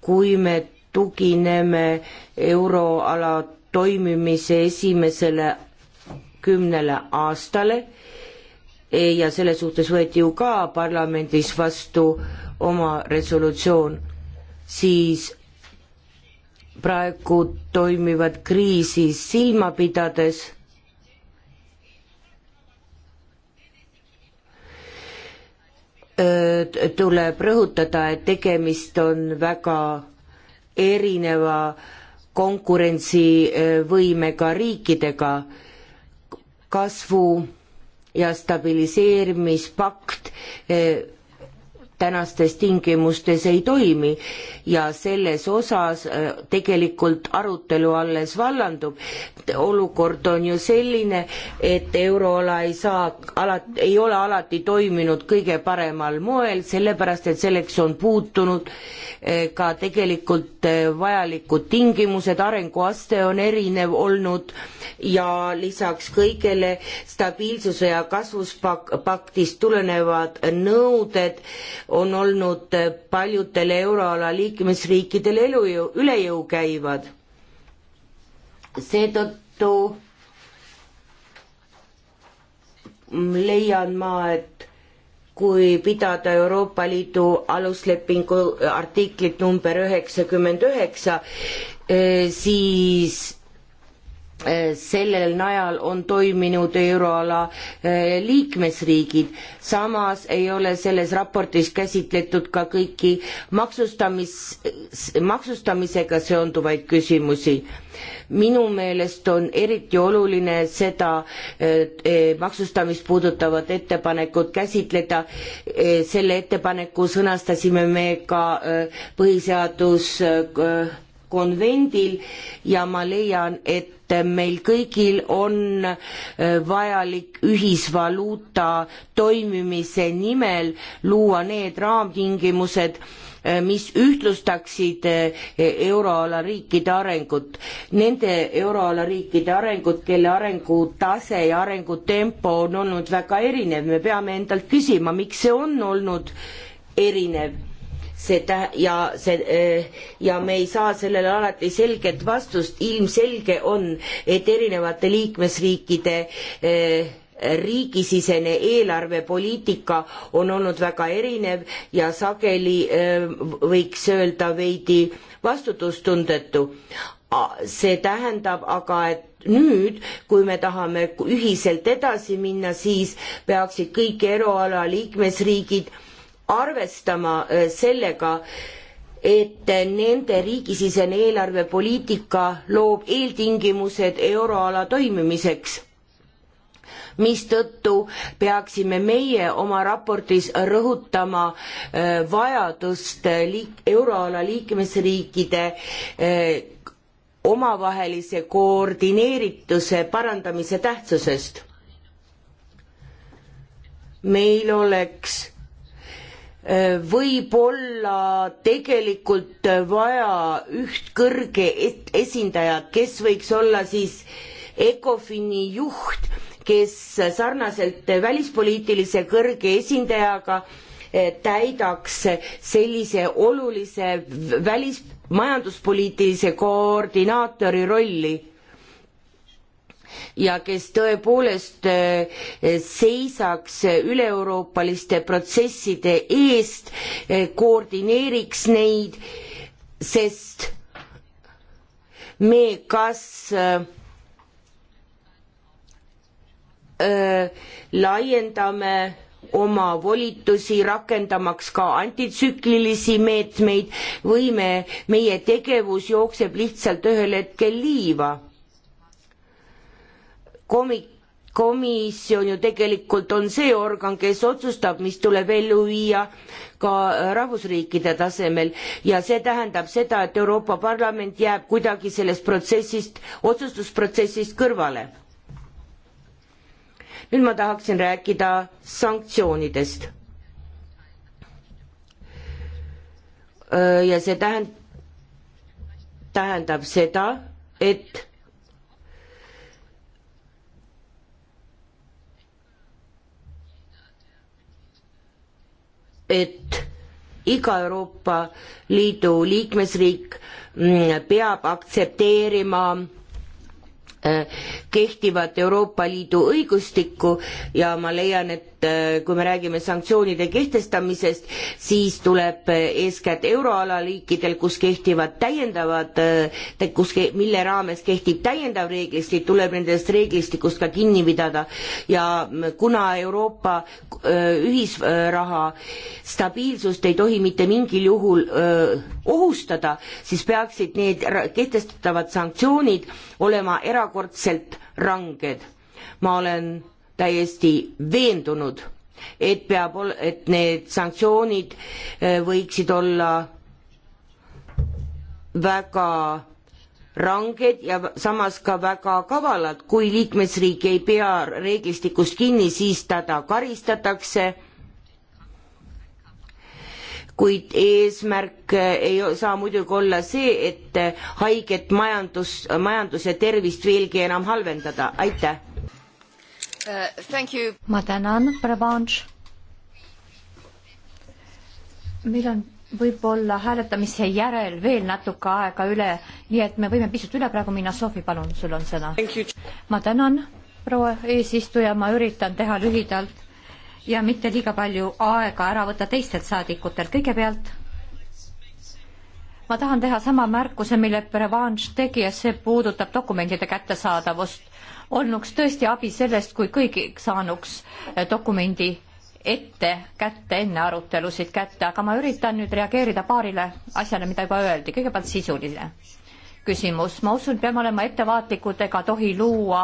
kui me tugineme euroala toimimise esimesele kümnele aastale, ja selle suhtes võeti ju ka parlamendis vastu oma resolutsioon, siis praegu toimivat kriisi silma pidades tuleb rõhutada, et tegemist on väga erineva konkurentsivõimega riikidega, kasvu ja stabiliseerimispakt eh, tänastes tingimustes ei toimi ja selles osas äh, tegelikult arutelu alles vallandub. olukord on ju selline, et euroala ei saa, alati, ei ole alati toiminud kõige paremal moel, sellepärast et selleks on puutunud äh, ka tegelikult äh, vajalikud tingimused, arenguaste on erinev olnud ja lisaks kõigele stabiilsuse ja kasvuspaktist tulenevad nõuded on olnud paljudele euroala liikmesriikidele elujõu, üle jõu käivad. seetõttu leian ma, et kui pidada Euroopa Liidu aluslepingu artiklit number üheksakümmend üheksa, eh, siis sellel najal on toiminud euroala eh, liikmesriigid. samas ei ole selles raportis käsitletud ka kõiki maksustamis, maksustamisega seonduvaid küsimusi. minu meelest on eriti oluline seda eh, eh, maksustamist puudutavat ettepanekut käsitleda. selle ettepaneku sõnastasime me ka põhiseadus konvendil ja ma leian, et meil kõigil on äh, vajalik ühisvaluuta toimimise nimel luua need raamtingimused, äh, mis ühtlustaksid äh, euroala riikide arengut. Nende euroala riikide arengut, kelle arengutase ja arengutempo on olnud väga erinev, me peame endalt küsima, miks see on olnud erinev see tä- ja see eh, ja me ei saa sellele alati selget vastust, ilmselge on, et erinevate liikmesriikide eh, riigisisene eelarvepoliitika on olnud väga erinev ja sageli eh, võiks öelda veidi vastutustundetu. see tähendab aga, et nüüd, kui me tahame ühiselt edasi minna, siis peaksid kõik euroala liikmesriigid arvestama äh, sellega, et nende riigisisene eelarvepoliitika loob eeltingimused euroala toimimiseks, mistõttu peaksime meie oma raportis rõhutama äh, vajadust liik-, euroala liikmesriikide äh, omavahelise koordineerituse parandamise tähtsusest. meil oleks võib-olla tegelikult vaja üht kõrge esindajat, kes võiks olla siis ECOFIN-i juht, kes sarnaselt välispoliitilise kõrge esindajaga eh, täidaks sellise olulise välis, majanduspoliitilise koordinaatori rolli ja kes tõepoolest eh, seisaks üle-euroopaliste protsesside eest, eh, koordineeriks neid, sest me kas öö, eh, laiendame oma volitusi rakendamaks ka antitsüklilisi meetmeid või me, meie tegevus jookseb lihtsalt ühel hetkel liiva komi-, komisjon ju tegelikult on see organ, kes otsustab, mis tuleb ellu viia ka rahvusriikide tasemel ja see tähendab seda, et Euroopa Parlament jääb kuidagi sellest protsessist, otsustusprotsessist kõrvale. nüüd ma tahaksin rääkida sanktsioonidest. ja see tähend-, tähendab seda, et et iga Euroopa Liidu liikmesriik mm, peab aktsepteerima äh, kehtivat Euroopa Liidu õigustikku ja ma leian, et Äh, kui me räägime sanktsioonide kehtestamisest, siis tuleb äh, eeskätt euroala liikidel, kus kehtivad täiendavad, äh, kus, mille raames kehtib täiendav reeglistik, tuleb nendest reeglistikust ka kinni pidada ja kuna Euroopa ühisraha stabiilsust ei tohi mitte mingil juhul ohustada, siis peaksid need kehtestatavad sanktsioonid olema erakordselt ranged. ma olen täiesti veendunud, et peab, et need sanktsioonid äh, võiksid olla väga ranged ja samas ka väga kavalad, kui liikmesriik ei pea reeglistikust kinni, siis teda karistatakse. kuid eesmärk äh, ei saa muidugi olla see, et äh, haiget majandus, majanduse tervist veelgi enam halvendada, aitäh. Uh, ma tänan, Prevanš. meil on võib-olla hääletamise järel veel natuke aega üle, nii et me võime pisut üle praegu minna. Sofi, palun, sul on sõna. ma tänan, proua eesistuja, ma üritan teha lühidalt ja mitte liiga palju aega ära võtta teistelt saadikutelt. kõigepealt ma tahan teha sama märkuse, mille Prevanš tegi ja see puudutab dokumentide kättesaadavust olnuks tõesti abi sellest, kui kõigi saanuks eh, dokumendi ette kätte, enne arutelusid kätte, aga ma üritan nüüd reageerida paarile asjale, mida juba öeldi, kõigepealt sisuline küsimus, ma usun, peame olema ettevaatlikud ega tohi luua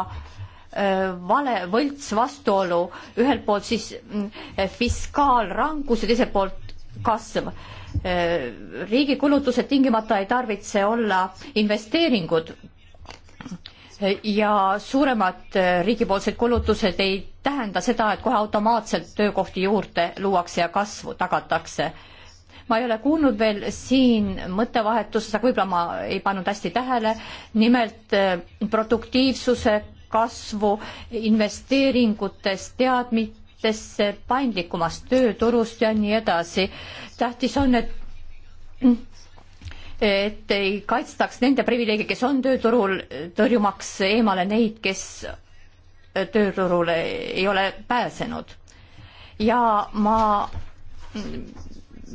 eh, vale, võlts vastuolu, ühelt poolt siis mm, eh, fiskaalrangus ja teiselt poolt kasv. riigi kulutused tingimata ei tarvitse olla investeeringud ja suuremad äh, riigipoolsed kulutused ei tähenda seda, et kohe automaatselt töökohti juurde luuakse ja kasvu tagatakse. ma ei ole kuulnud veel siin mõttevahetuses, aga võib-olla ma ei pannud hästi tähele, nimelt äh, produktiivsuse kasvu, investeeringutest, teadmitesse, paindlikumast tööturust ja nii edasi. tähtis on, et et ei kaitstaks nende privileege, kes on tööturul, tõrjumaks eemale neid, kes tööturule ei ole pääsenud. ja ma,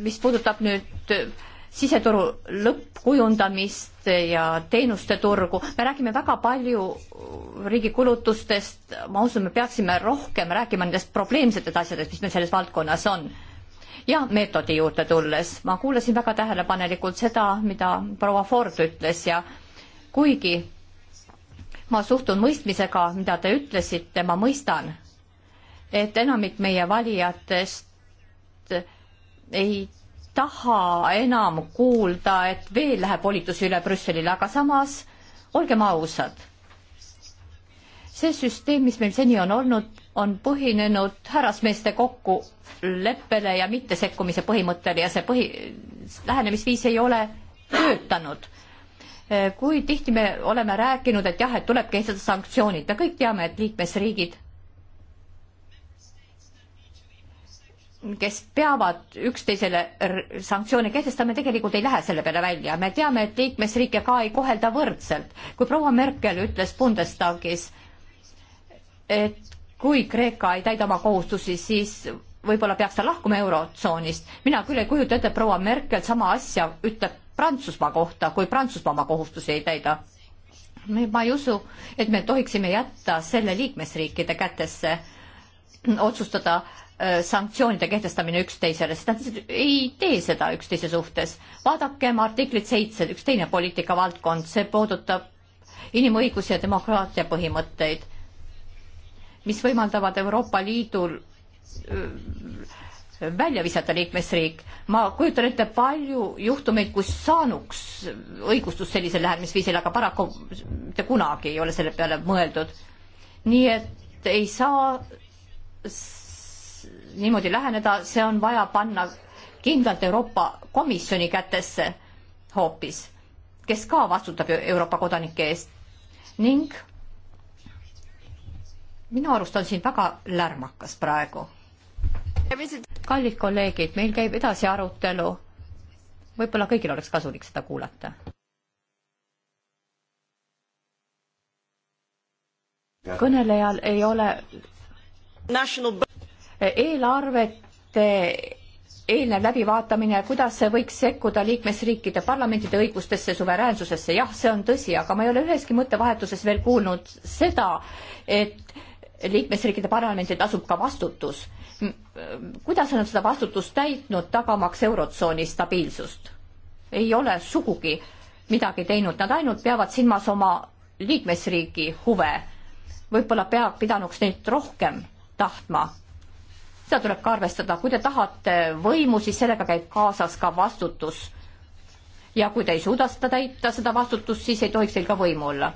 mis puudutab nüüd siseturu lõppkujundamist ja teenuste turgu, me räägime väga palju riigi kulutustest, ma usun, me peaksime rohkem rääkima nendest probleemsetest asjadest, mis meil selles valdkonnas on ja meetodi juurde tulles, ma kuulasin väga tähelepanelikult seda, mida proua Ford ütles ja kuigi ma suhtun mõistmisega, mida te ütlesite, ma mõistan, et enamik meie valijatest ei taha enam kuulda, et veel läheb volitusi üle Brüsselile, aga samas olgem ausad, see süsteem, mis meil seni on olnud, on põhinenud härrasmeeste kokkuleppele ja mittesekkumise põhimõttele ja see põhi, lähenemisviis ei ole töötanud. Eh, kui tihti me oleme rääkinud, et jah, et tuleb kehtestada sanktsioonid, me kõik teame, et liikmesriigid, kes peavad üksteisele sanktsioone kehtestama, tegelikult ei lähe selle peale välja. me teame, et liikmesriike ka ei kohelda võrdselt. kui proua Merkel ütles Bundestagis, et kui Kreeka ei täida oma kohustusi, siis võib-olla peaks ta lahkuma Eurotsoonist. mina küll ei kujuta ette, et proua Merkel sama asja ütleb Prantsusmaa kohta, kui Prantsusmaa oma kohustusi ei täida. ma ei usu, et me tohiksime jätta selle liikmesriikide kätesse otsustada äh, sanktsioonide kehtestamine üksteisele, sest nad ei tee seda üksteise suhtes. vaadakem artiklit seitse, üks teine poliitikavaldkond, see puudutab inimõigusi ja demokraatia põhimõtteid mis võimaldavad Euroopa Liidul välja visata liikmesriik. ma kujutan ette palju juhtumeid, kus saanuks õigustus sellisel lähenemisviisil, aga paraku mitte kunagi ei ole selle peale mõeldud. nii et ei saa niimoodi läheneda, see on vaja panna kindlalt Euroopa Komisjoni kätesse hoopis, kes ka vastutab Euroopa kodanike eest ning minu arust on siin väga lärmakas praegu. kallid kolleegid, meil käib edasi arutelu. võib-olla kõigil oleks kasulik seda kuulata. kõnelejal ei ole eelarvete eelnev läbivaatamine, kuidas see võiks sekkuda liikmesriikide parlamentide õigustesse, suveräänsusesse, jah, see on tõsi, aga ma ei ole üheski mõttevahetuses veel kuulnud seda, et liikmesriikide parlamendil tasub ka vastutus. kuidas on seda vastutust täitnud, tagamaks Eurotsooni stabiilsust? ei ole sugugi midagi teinud, nad ainult peavad silmas oma liikmesriigi huve. võib-olla pea, pidanuks neid rohkem tahtma. seda tuleb ka arvestada, kui te tahate võimu, siis sellega käib kaasas ka vastutus. ja kui te ei suuda seda täita, seda vastutust, siis ei tohiks teil ka võimu olla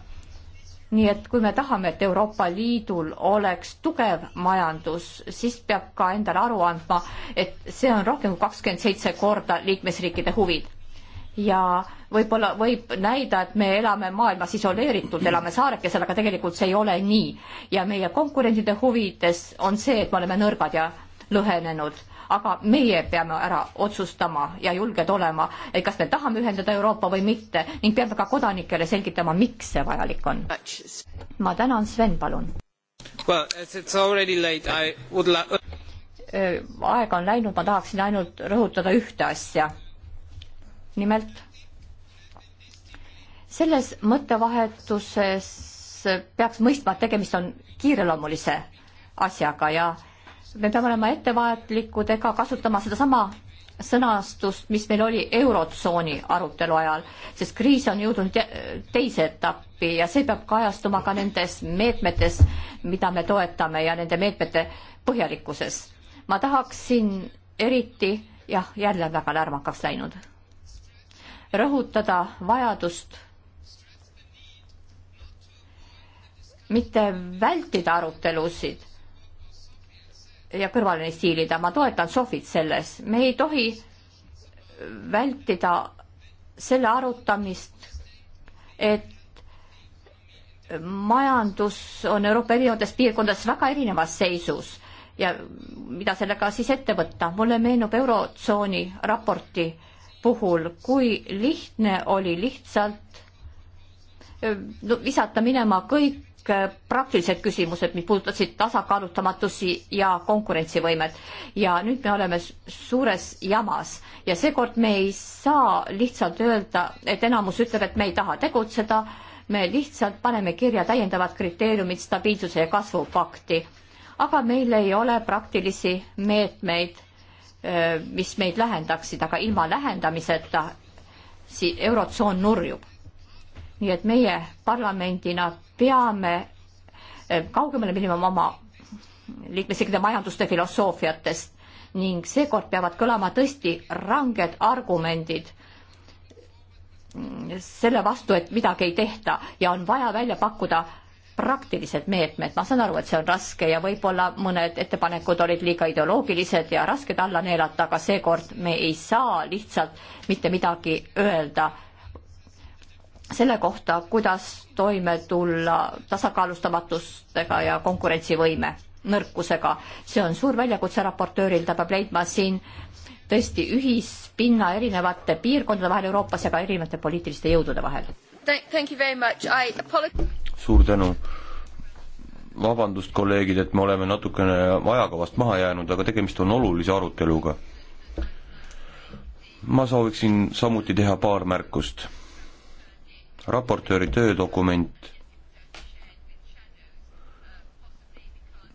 nii et kui me tahame, et Euroopa Liidul oleks tugev majandus, siis peab ka endale aru andma, et see on rohkem kui kakskümmend seitse korda liikmesriikide huvid. ja võib-olla võib näida, et me elame maailmas isoleeritult, elame saarekesel, aga tegelikult see ei ole nii. ja meie konkurentide huvides on see, et me oleme nõrgad ja lõhenenud aga meie peame ära otsustama ja julged olema, et kas me tahame ühendada Euroopa või mitte ning peame ka kodanikele selgitama, miks see vajalik on. ma tänan, Sven, palun. Well, it's already late, I would la- aega on läinud, ma tahaksin ainult rõhutada ühte asja. nimelt selles mõttevahetuses peaks mõistma, et tegemist on kiireloomulise asjaga ja äh, me peame olema ettevaatlikud ega kasutama sedasama sõnastust, mis meil oli Eurotsooni arutelu ajal, sest kriis on jõudnud teise etappi ja see peab kajastuma ka nendes meetmetes, mida me toetame ja nende meetmete põhjalikkuses. ma tahaksin eriti, jah, jälle on väga lärmakaks läinud, rõhutada vajadust mitte vältida arutelusid, ja kõrvale neist hiilida, ma toetan Sofit selles, me ei tohi vältida selle arutamist, et majandus on Euroopa erinevates piirkondades väga erinevas seisus ja mida sellega siis ette võtta. mulle meenub Eurotsooni raporti puhul, kui lihtne oli lihtsalt eh, no, visata minema kõik Äh, praktilised küsimused, mis puudutasid tasakaalutamatusi ja konkurentsivõimet. ja nüüd me oleme suures jamas ja seekord me ei saa lihtsalt öelda, et enamus ütleb, et me ei taha tegutseda, me lihtsalt paneme kirja täiendavad kriteeriumid stabiilsuse ja kasvu pakti. aga meil ei ole praktilisi meetmeid, äh, mis meid lähendaksid, aga ilma lähendamiseta eurotsoon nurjub nii et meie parlamendina peame eh, kaugemale minema oma liikmesriikide majanduste filosoofiatest ning seekord peavad kõlama tõesti ranged argumendid selle vastu, et midagi ei tehta ja on vaja välja pakkuda praktilised meetmed, ma saan aru, et see on raske ja võib-olla mõned ettepanekud olid liiga ideoloogilised ja rasked alla neelata, aga seekord me ei saa lihtsalt mitte midagi öelda selle kohta, kuidas toime tulla tasakaalustamatustega ja konkurentsivõime nõrkusega. see on suur väljakutse raportööril, ta peab leidma siin tõesti ühispinna erinevate piirkondade vahel Euroopas ja ka erinevate poliitiliste jõudude vahel. suur tänu. vabandust, kolleegid, et me oleme natukene ajakavast maha jäänud, aga tegemist on olulise aruteluga. ma sooviksin samuti teha paar märkust raportööri töödokument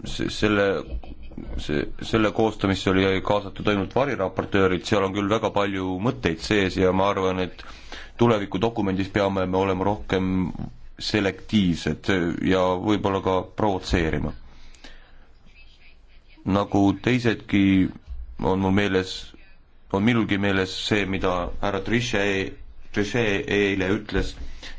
S selle, see, selle koostamisse oli kaasatud ainult variraportöörid, seal on küll väga palju mõtteid sees ja ma arvan, et tulevikudokumendis peame me olema rohkem selektiivsed ja võib-olla ka provotseerima. nagu teisedki, on mul meeles, on minulgi meeles see, mida härra Trichet Trichet eile ütles,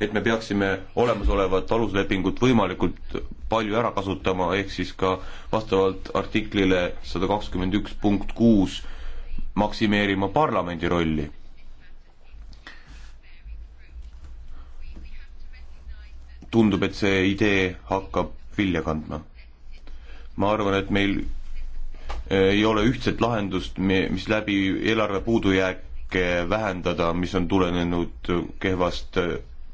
et me peaksime olemasolevat aluslepingut võimalikult palju ära kasutama, ehk siis ka vastavalt artiklile sada kakskümmend üks punkt kuus maksimeerima parlamendi rolli. tundub, et see idee hakkab vilja kandma. ma arvan, et meil eh, ei ole ühtset lahendust, mis läbi eelarve puudujääk riske vähendada, mis on tulenenud kehvast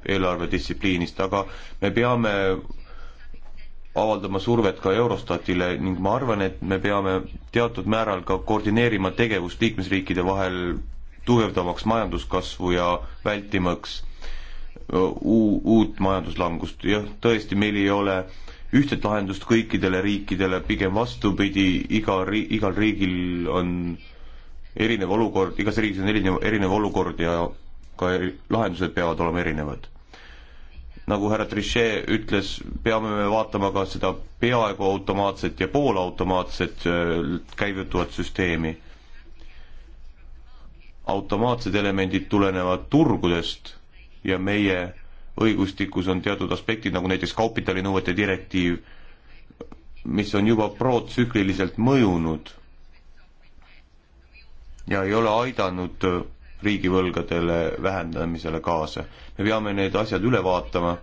eelarvedistsipliinist, aga me peame avaldama survet ka Eurostatile ning ma arvan, et me peame teatud määral ka koordineerima tegevust liikmesriikide vahel, tugevdamaks majanduskasvu ja vältimaks uu-, uut majanduslangust, jah, tõesti, meil ei ole ühtset lahendust kõikidele riikidele, pigem vastupidi, iga ri-, igal riigil on äh, erinev olukord, igas riigis on erinev, erinev olukord ja ka eri, lahendused peavad olema erinevad. nagu härra Trichet ütles, peame me vaatama ka seda peaaegu automaatset ja poolautomaatset äh, käivituvat süsteemi. automaatsed elemendid tulenevad turgudest ja meie õigustikus on teatud aspektid, nagu näiteks kapitalinõuete direktiiv, mis on juba protsükliliselt mõjunud ja ei ole aidanud riigivõlgadele vähendamisele kaasa. me peame need asjad üle vaatama,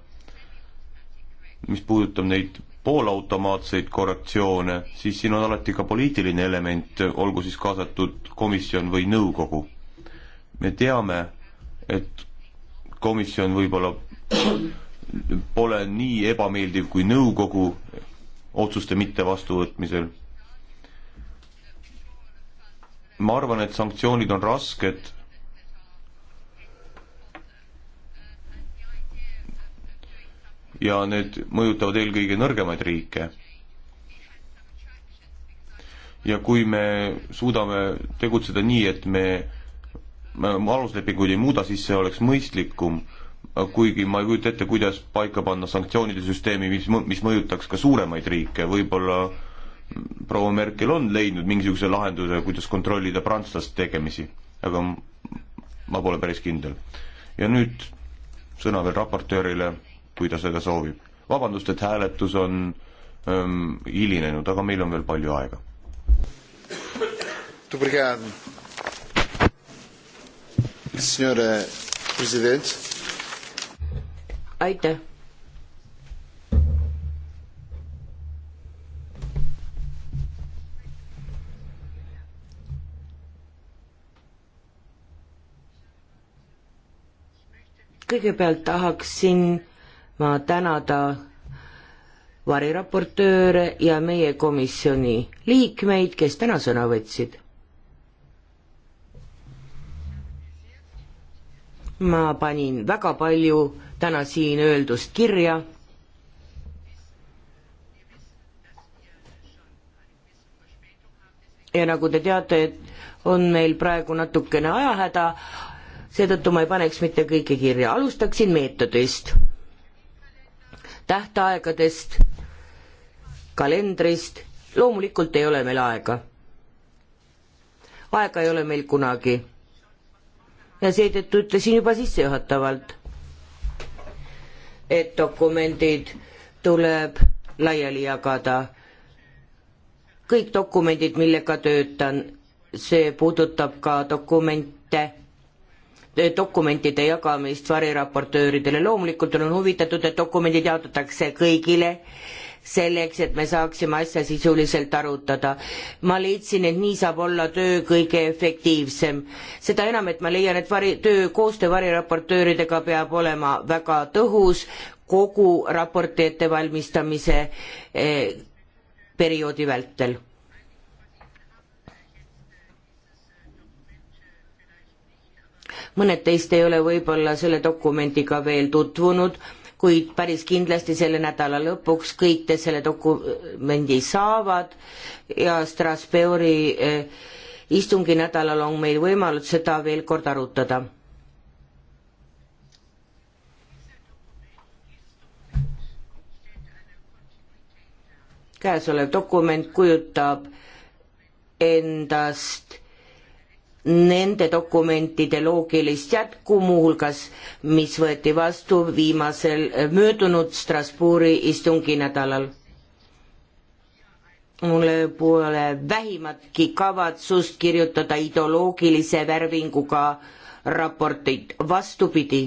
mis puudutab neid poolautomaatseid korrektsioone, siis siin on alati ka poliitiline element, olgu siis kaasatud komisjon või nõukogu. me teame, et komisjon võib-olla pole nii ebameeldiv kui nõukogu otsuste mittevastuvõtmisel ma arvan, et sanktsioonid on rasked. ja need mõjutavad eelkõige nõrgemaid riike. ja kui me suudame tegutseda nii, et me, me aluslepinguid ei muuda, siis see oleks mõistlikum, kuigi ma ei kujuta ette, kuidas paika panna sanktsioonide süsteemi, mis, mis mõjutaks ka suuremaid riike, võib-olla äh, proua Merkel on leidnud mingisuguse lahenduse, kuidas kontrollida prantslaste tegemisi, aga ma pole päris kindel. ja nüüd sõna veel raportöörile, kui ta seda soovib. vabandust, et hääletus on ähm, hilinenud, aga meil on veel palju aega. aitäh kõigepealt tahaksin ma tänada variraportööre ja meie komisjoni liikmeid, kes täna sõna võtsid. ma panin väga palju täna siin öeldust kirja ja nagu te teate, et on meil praegu natukene ajahäda, seetõttu ma ei paneks mitte kõike kirja, alustaksin meetodist, tähtaegadest, kalendrist, loomulikult ei ole meil aega. aega ei ole meil kunagi. ja seetõttu ütlesin juba sissejuhatavalt, et dokumendid tuleb laiali jagada. kõik dokumendid, millega töötan, see puudutab ka dokumente dokumentide jagamist variraportööridele, loomulikult on huvitatud, et dokumendid jaotatakse kõigile, selleks, et me saaksime asja sisuliselt arutada. ma leidsin, et nii saab olla töö kõige efektiivsem. seda enam, et ma leian, et vari, töö koostöö variraportööridega peab olema väga tõhus kogu raporti ettevalmistamise eh, perioodi vältel mõned teist ei ole võib-olla selle dokumendiga veel tutvunud, kuid päris kindlasti selle nädala lõpuks kõik te selle dokumendi saavad ja Strasbourgi eh, istunginädalal on meil võimalus seda veel kord arutada käesolev dokument kujutab endast nende dokumentide loogilist jätku, muuhulgas mis võeti vastu viimasel äh, möödunud Strasbourgi istunginädalal. mulle pole vähimatki kavatsust kirjutada ideoloogilise värvinguga raportit, vastupidi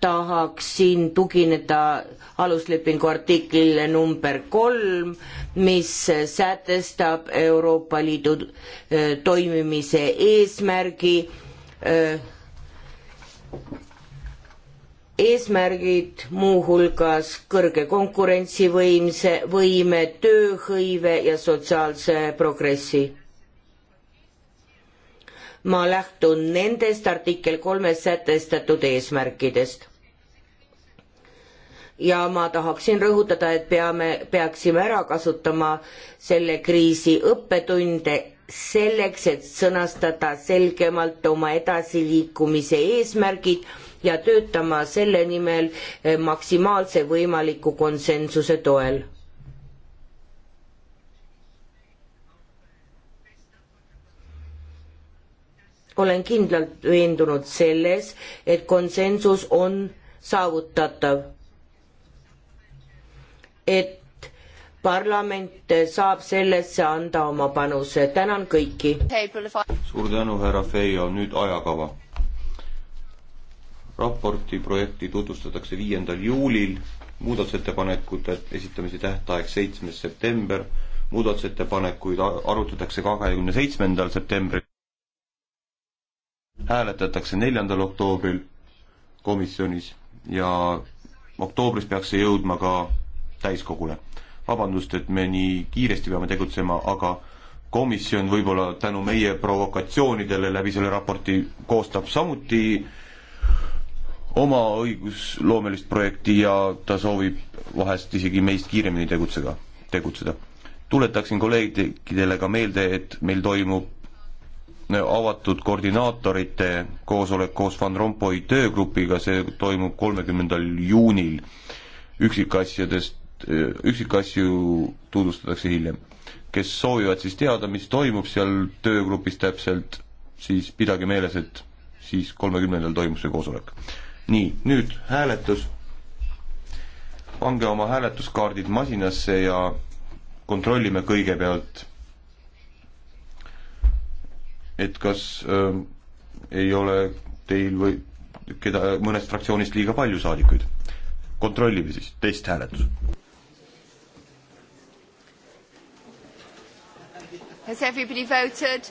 tahaksin tugineda aluslepingu artiklile number kolm, mis sätestab Euroopa Liidu eh, toimimise eesmärgi, eh, eesmärgid muuhulgas kõrge konkurentsivõimse, võime, tööhõive ja sotsiaalse progressi ma lähtun nendest artikkel kolmes sätestatud eesmärkidest. ja ma tahaksin rõhutada, et peame, peaksime ära kasutama selle kriisi õppetunde selleks, et sõnastada selgemalt oma edasiliikumise eesmärgid ja töötama selle nimel eh, maksimaalse võimaliku konsensuse toel olen kindlalt veendunud selles, et konsensus on saavutatav. et parlament saab sellesse anda oma panuse, tänan kõiki. suur tänu, härra Feio, nüüd ajakava. raporti projekti tutvustatakse viiendal juulil, muudatusettepanekute esitamise tähtaeg seitsmes september, muudatusettepanekuid arutatakse kahekümne seitsmendal septembril hääletatakse neljandal oktoobril komisjonis ja oktoobris peaks see jõudma ka täiskogule. vabandust, et me nii kiiresti peame tegutsema, aga komisjon võib-olla tänu meie provokatsioonidele läbi selle raporti koostab samuti oma õigusloomelist projekti ja ta soovib vahest isegi meist kiiremini tegutsega, tegutseda. tuletaksin kolleegidele ka meelde, et meil toimub avatud koordinaatorite koosolek koos Van Rompuy töögrupiga, see toimub kolmekümnendal juunil. üksikasjadest, üksikasju tutvustatakse hiljem. kes soovivad siis teada, mis toimub seal töögrupis täpselt, siis pidage meeles, et siis kolmekümnendal toimus see koosolek. nii, nüüd hääletus. pange oma hääletuskaardid masinasse ja kontrollime kõigepealt et kas äh, ei ole teil või keda, mõnest fraktsioonist liiga palju saadikuid. kontrollime siis, testhääletus. Has everybody voted?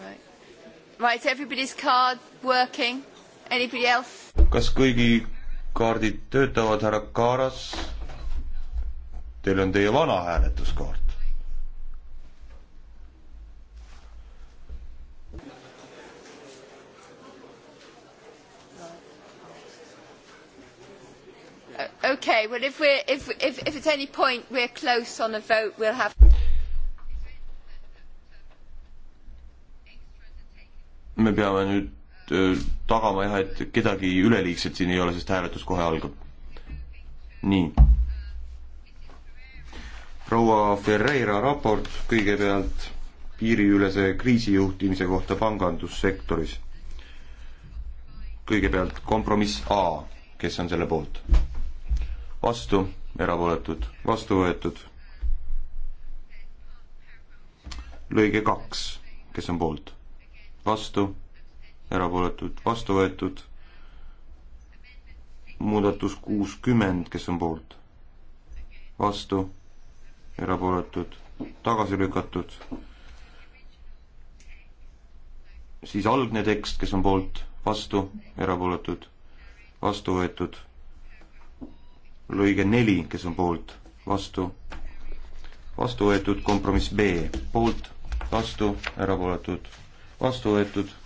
Right. Right, everybody's card working? kas kõigi kaardid töötavad, härra Kaaras? Teil on teie vana hääletuskaart. Okay, well if we're if if if at any point we're close on a vote we'll have me peame nüüd tagama jah, et kedagi üleliigset siin ei ole, sest hääletus kohe algab. nii. proua Ferreira raport kõigepealt piiriülese kriisijuhtimise kohta pangandussektoris. kõigepealt kompromiss A, kes on selle poolt? vastu, erapooletud, vastu võetud. lõige kaks, kes on poolt? vastu erapooletud, vastu võetud. muudatus kuuskümmend, kes on poolt, vastu, erapooletud, tagasi lükatud. siis algne tekst, kes on poolt, vastu, erapooletud, vastu võetud. lõige neli, kes on poolt, vastu, vastu võetud, kompromiss B, poolt, vastu, erapooletud, vastu võetud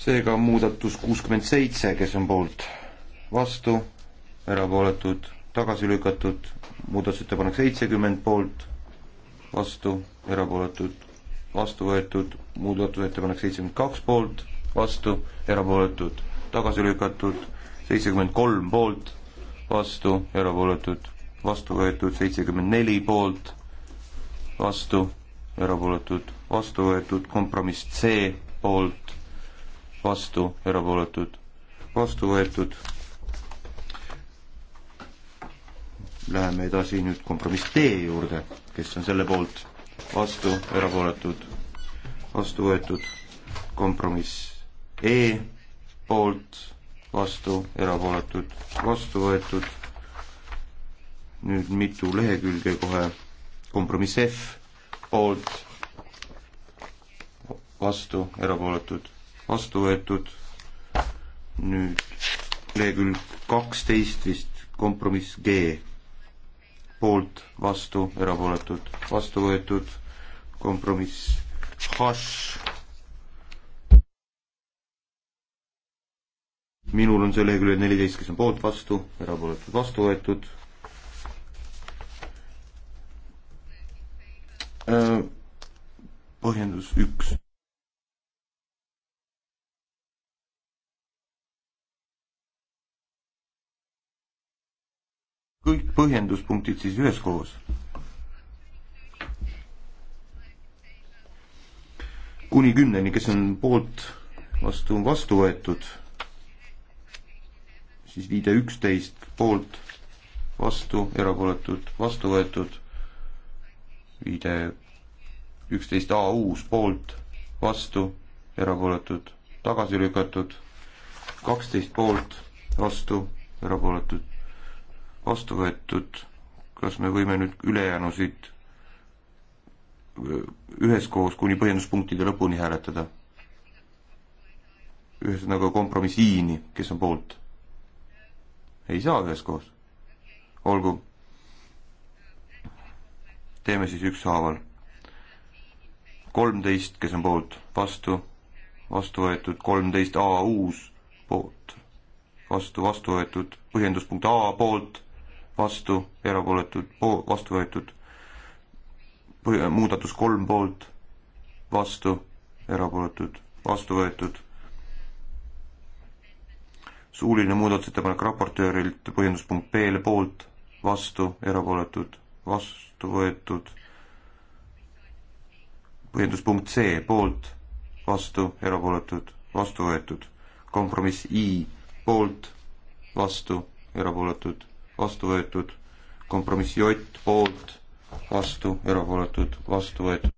seega muudatus kuuskümmend seitse, kes on poolt, vastu, erapooletud, tagasi lükatud, muudatusettepanek seitsekümmend poolt, vastu, erapooletud, vastu võetud, muudatusettepanek seitsekümmend kaks poolt, vastu, erapooletud, tagasi lükatud, seitsekümmend kolm poolt, vastu, erapooletud, vastu võetud, seitsekümmend neli poolt, vastu, erapooletud, vastu võetud, kompromiss C poolt vastu, erapooletud, vastu võetud. Läheme edasi nüüd kompromiss D juurde, kes on selle poolt, vastu, erapooletud, vastu võetud, kompromiss E poolt, vastu, erapooletud, vastu võetud. nüüd mitu lehekülge kohe, kompromiss F poolt, vastu, erapooletud vastu võetud. nüüd lehekülg kaksteist vist, kompromiss G. poolt, vastu, erapooletud, vastu võetud, kompromiss H minul on see leheküljel neliteist, kes on poolt, vastu, erapooletud, vastu võetud. Äh, põhjendus üks kõik põhjenduspunktid siis üheskoos. kuni kümneni, kes on poolt, vastu, vastu võetud, siis viide üksteist poolt, vastu, erapooletud, vastu võetud, viide üksteist A uus poolt, vastu, erapooletud, tagasi lükatud, kaksteist poolt, vastu, erapooletud, vastu võetud. kas me võime nüüd ülejäänusid üheskoos kuni põhjenduspunktide lõpuni hääletada? ühesõnaga kompromissiini, kes on poolt? ei saa üheskoos. olgu. teeme siis ükshaaval. kolmteist, kes on poolt, vastu, vastu võetud, kolmteist A uus, poolt, vastu, vastu võetud, põhjenduspunkt A poolt, vastu, erapooletud, vastu võetud. muudatus kolm poolt, vastu, erapooletud, vastu võetud. suuline muudatusettepanek raportöörilt põhjenduspunkt B-le poolt, vastu, erapooletud, vastu võetud. põhjenduspunkt C poolt, vastu, erapooletud, vastu võetud. kompromiss I poolt, vastu, erapooletud, vastu võetud, kompromiss J poolt, vastu, erapooletud, vastu võetud.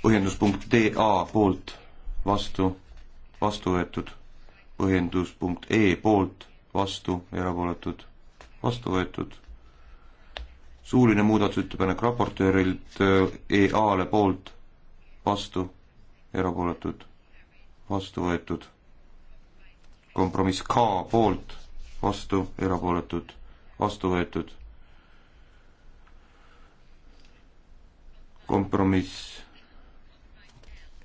põhjenduspunkt DA poolt, vastu, vastu võetud, põhjenduspunkt E poolt, vastu, erapooletud, vastu võetud. suuline muudatusettepanek raportöörilt äh, EA-le poolt, vastu, erapooletud, vastu võetud. kompromiss K poolt vastu, erapooletud, vastu võetud. kompromiss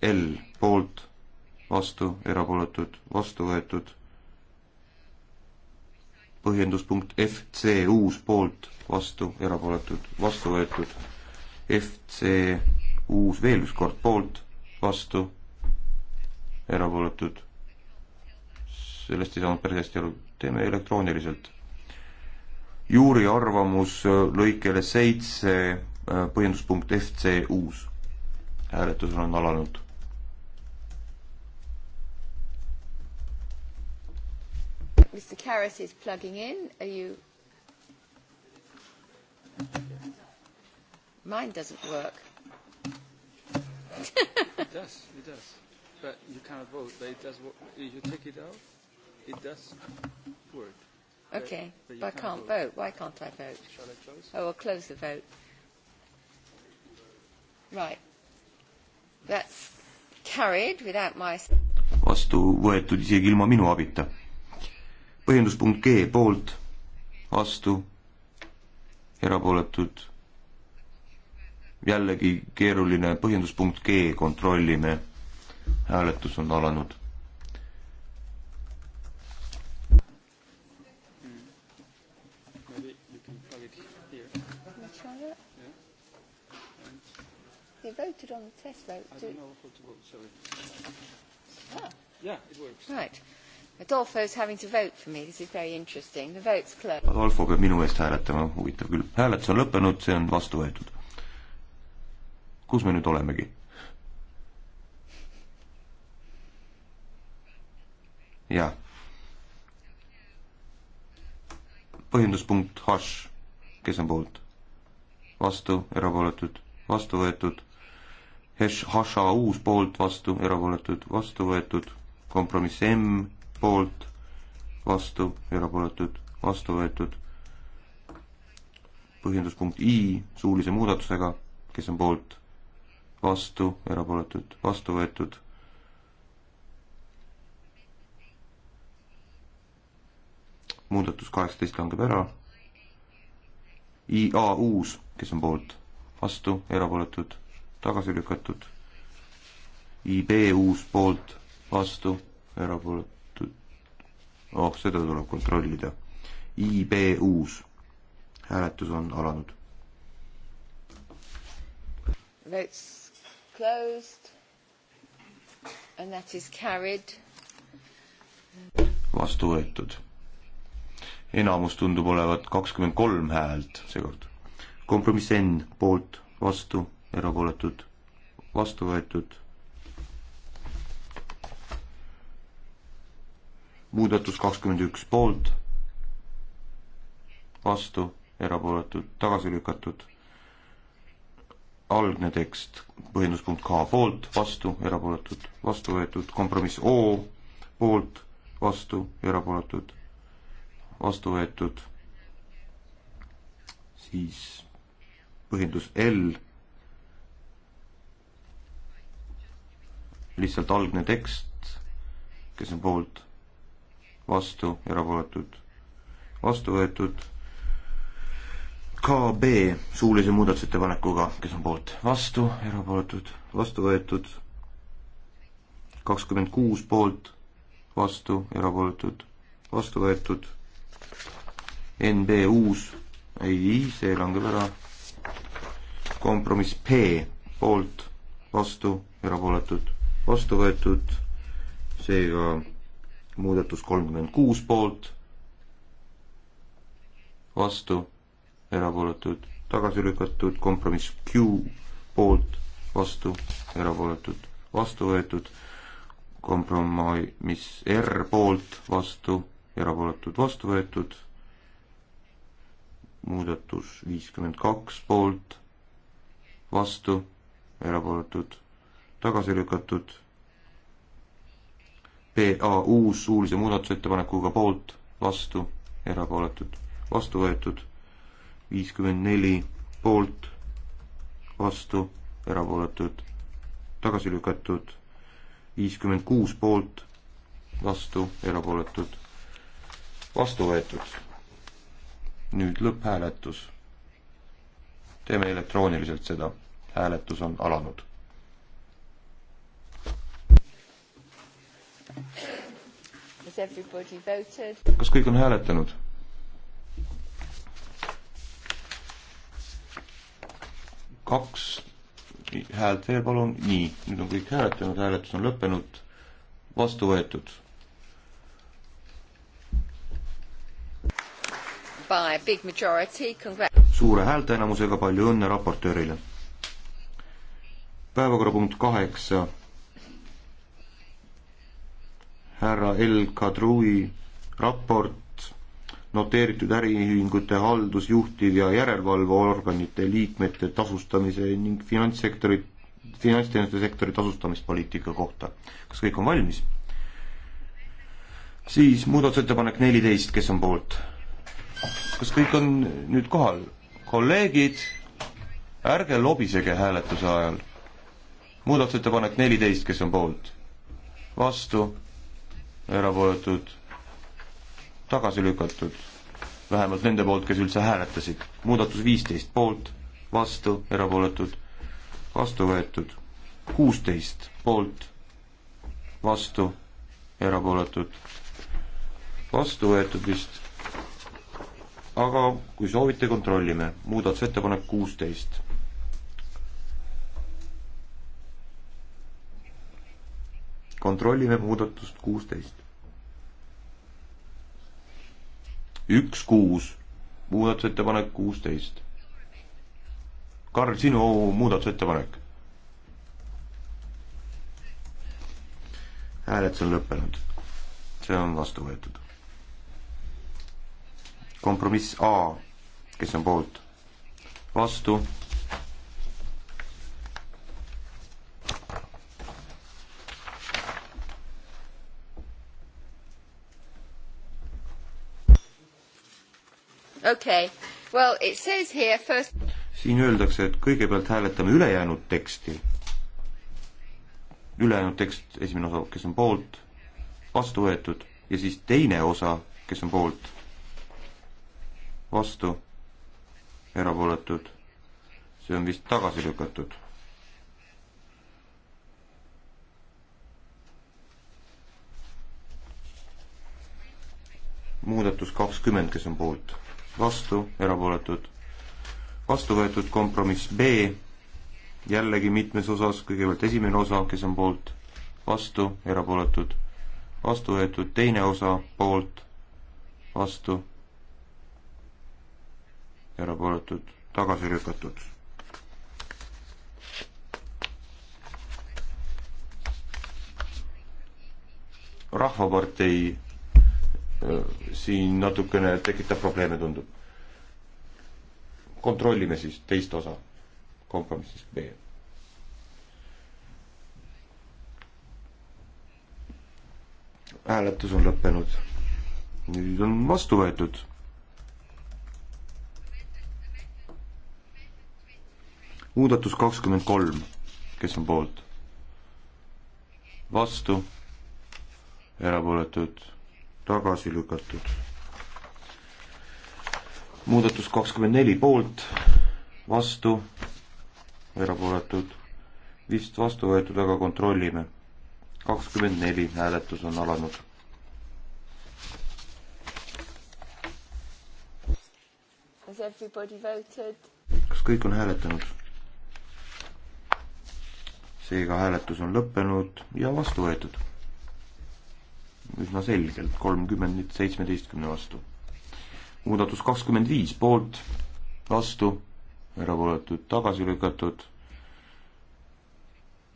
L poolt, vastu, erapooletud, vastu võetud. põhjenduspunkt FC uus poolt, vastu, erapooletud, vastu võetud. FC uus veel üks kord poolt, vastu, erapooletud. sellest ei saanud päris hästi aru teeme elektrooniliselt. juuri arvamus äh, lõikele seitse, äh, põhjenduspunkt FC uus. hääletusel on alanud. Mr Karras is plugging in, are you? Mine doesn't work it does, it does. But you cannot vote. But it does. You take it out. It does word. Okay, but, but I can't, can't vote. vote. Why can't I vote? Shall I close? Oh, I'll close the vote. Right. That's carried without my... vastu võetud isegi ilma minu abita. põhjenduspunkt G poolt, vastu, erapooletud jällegi keeruline põhjenduspunkt G kontrollime. hääletus on alanud. So I do don't know how to vote, sorry. Ah. Yeah, it works. Right. Adolfo's having to vote for me, this is very interesting, the vote's closed. Adolfo peab minu eest hääletama, huvitav küll. hääletus on lõppenud, see on vastu võetud. kus me nüüd olemegi? jah. põhjenduspunkt H, kes on poolt? vastu, erapooletud, vastu võetud Hesh-, Hasha uus poolt vastu, erapooletud vastu võetud, kompromiss M poolt vastu, erapooletud vastu võetud, põhjenduspunkt I suulise muudatusega, kes on poolt, vastu, erapooletud, vastu võetud. muudatus kaheksateist langeb ära. IA uus, kes on poolt, vastu, erapooletud tagasi lükatud. IB uus poolt, vastu, erapooletud. oh, seda tuleb kontrollida. IB uus. hääletus on alanud. Votes closed and that is carried. vastu võetud. enamus tundub olevat kakskümmend kolm häält seekord. kompromiss N poolt, vastu erapooletud, vastu võetud. muudatus kakskümmend üks poolt, vastu, erapooletud, tagasi lükatud. algne tekst, põhjenduspunkt K poolt, vastu, erapooletud, vastu võetud, kompromiss O poolt, vastu, erapooletud, vastu võetud. siis põhjendus L lihtsalt algne tekst, kes on poolt, vastu, erapooletud, vastu võetud. KB suulise muudatusettepanekuga, kes on poolt, vastu, erapooletud, vastu võetud. kakskümmend kuus poolt, vastu, erapooletud, vastu võetud. NB uus, ei, see langeb ära. kompromiss P poolt, vastu, erapooletud, vastu võetud, seega muudatus kolmkümmend kuus poolt, vastu, erapooletud, tagasi lükatud, kompromiss Q poolt, vastu, erapooletud, vastu võetud, kompromiss R poolt, vastu, erapooletud, vastu võetud, muudatus viiskümmend kaks poolt, vastu, erapooletud tagasi lükatud. PA uus suulise muudatusettepanekuga poolt, vastu, erapooletud, vastu võetud. viiskümmend neli poolt, vastu, erapooletud, tagasi lükatud. viiskümmend kuus poolt, vastu, erapooletud, vastu võetud. nüüd lõpphääletus. teeme elektrooniliselt seda. hääletus on alanud kas kõik on hääletanud? kaks häält veel, palun, nii, nüüd on kõik hääletanud, hääletus on lõppenud, vastu võetud. suure häälteenamusega palju õnne raportöörile. päevakorrapunkt kaheksa härra El Kadri raport noteeritud äriühingute haldus, juhtiv ja järelevalveorganite liikmete tasustamise ning finantssektori, finantsteenuste sektori tasustamispoliitika kohta. kas kõik on valmis? siis muudatusettepanek neliteist, kes on poolt? kas kõik on nüüd kohal? kolleegid, ärge lobisege hääletuse ajal. muudatusettepanek neliteist, kes on poolt? vastu erapooletud, tagasi lükatud, vähemalt nende poolt, kes üldse hääletasid. muudatus viisteist poolt, vastu, erapooletud, vastu võetud, kuusteist poolt, vastu, erapooletud, vastu võetud vist aga kui soovite, kontrollime. muudatusettepanek kuusteist. kontrollime muudatust kuusteist. üks kuus, muudatusettepanek kuusteist. Karl, sinu muudatusettepanek? hääletus on lõppenud. see on vastu võetud. kompromiss A, kes on poolt, vastu Well, it says here first... siin öeldakse, et kõigepealt hääletame ülejäänud teksti. ülejäänud tekst, esimene osa, kes on poolt, vastu võetud ja siis teine osa, kes on poolt, vastu, erapooletud, see on vist tagasi lükatud. muudatus kakskümmend, kes on poolt vastu, erapooletud. vastu võetud kompromiss B, jällegi mitmes osas, kõigepealt esimene osa, kes on poolt, vastu, erapooletud. vastu võetud teine osa, poolt, vastu, erapooletud, tagasi lükatud rahvapartei siin natukene tekitab probleeme, tundub. kontrollime siis teist osa kompromissist B. hääletus on lõppenud. nüüd on vastu võetud. muudatus kakskümmend kolm, kes on poolt? vastu, erapooletud tagasi lükatud. muudatus kakskümmend neli poolt, vastu, erapooletud, vist vastu võetud, aga kontrollime. kakskümmend neli hääletus on alanud. kas kõik on hääletanud? seega hääletus on lõppenud ja vastu võetud üsna selgelt, kolmkümmend nüüd seitsmeteistkümne vastu. muudatus kakskümmend viis poolt, vastu, erapooletud, tagasi lükatud.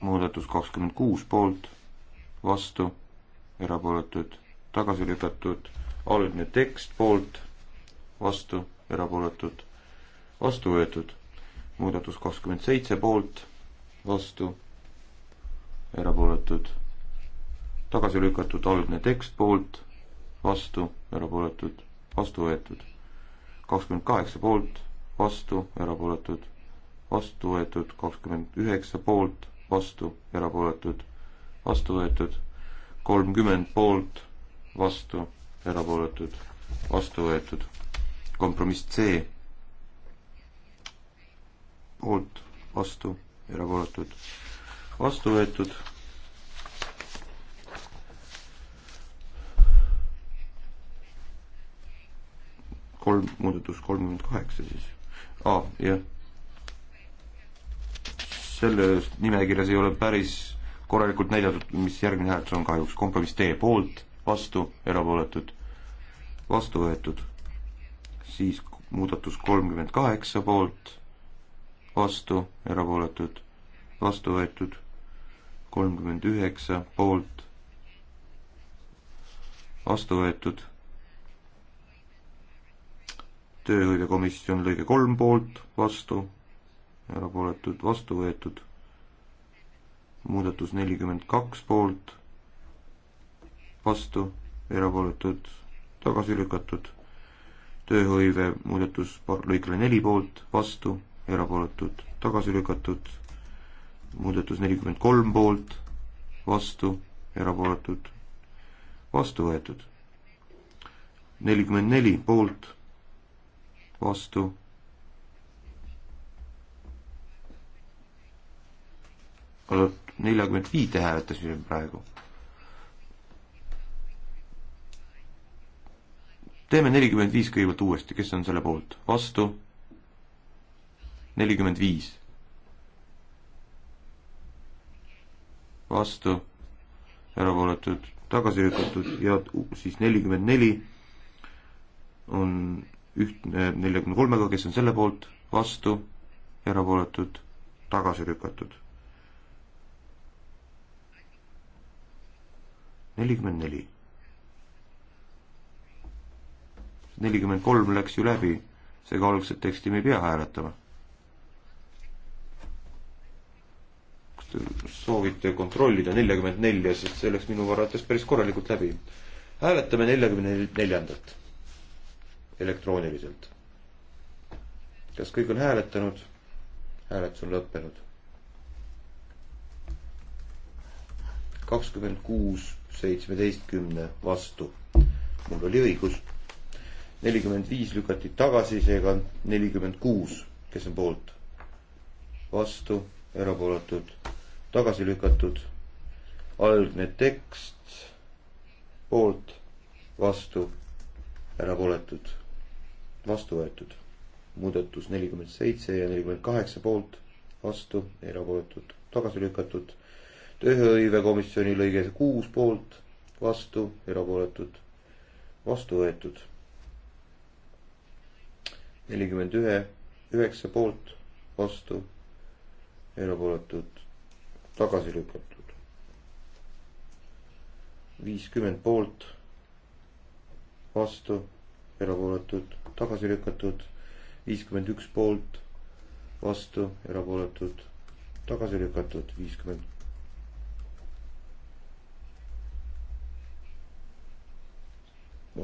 muudatus kakskümmend kuus poolt, vastu, erapooletud, tagasi lükatud. algne tekst poolt, vastu, erapooletud, vastu võetud. muudatus kakskümmend seitse poolt, vastu, erapooletud tagasi lükatud algne tekst poolt, vastu, erapooletud, vastu võetud. kakskümmend kaheksa poolt, vastu, erapooletud, vastu võetud, kakskümmend üheksa poolt, vastu, erapooletud, vastu võetud, kolmkümmend poolt, vastu, erapooletud, vastu võetud. kompromiss C poolt, vastu, erapooletud, vastu võetud kolm, muudatus kolmkümmend kaheksa siis ah,. jah. selles nimekirjas ei ole päris korralikult näidatud, mis järgmine hääletus on kahjuks. kompromiss D poolt, vastu, erapooletud, vastu võetud. siis muudatus kolmkümmend kaheksa poolt, vastu, erapooletud, vastu võetud. kolmkümmend üheksa poolt, vastu võetud tööhõivekomisjon lõige kolm poolt, vastu, erapooletud, vastu võetud. muudatus nelikümmend kaks poolt, vastu, erapooletud, tagasi lükatud. tööhõive muudatus lõikele neli poolt, vastu, erapooletud, tagasi lükatud. muudatus nelikümmend kolm poolt, vastu, erapooletud, vastu võetud. nelikümmend neli poolt vastu. neljakümmend viite hääletasime praegu. teeme nelikümmend viis kõigepealt uuesti, kes on selle poolt, vastu? nelikümmend viis. vastu, erapooletud, tagasi lükatud ja siis nelikümmend neli on üht-, neljakümne kolmega, kes on selle poolt, vastu, erapooletud, tagasi lükatud. nelikümmend neli. nelikümmend kolm läks ju läbi, seega algset teksti me ei pea hääletama soovite kontrollida neljakümmend nelja, sest see läks minu arvates päris korralikult läbi. hääletame neljakümne neljandat elektrooniliselt. kas kõik on hääletanud? hääletus on lõppenud. kakskümmend kuus seitsmeteistkümne vastu. mul oli õigus. nelikümmend viis lükati tagasi, seega nelikümmend kuus, kes on poolt, vastu, erapooletud, tagasi lükatud. algne tekst, poolt, vastu, erapooletud vastu võetud. muudatus nelikümmend seitse ja nelikümmend kaheksa poolt, vastu, erapooletud, tagasi lükatud. tööhõivekomisjoni lõige kuus poolt, vastu, erapooletud, vastu võetud. nelikümmend ühe, üheksa poolt, vastu, erapooletud, tagasi lükatud. viiskümmend poolt, vastu erapooletud, tagasi lükatud, viiskümmend üks poolt, vastu, erapooletud, tagasi lükatud, viiskümmend.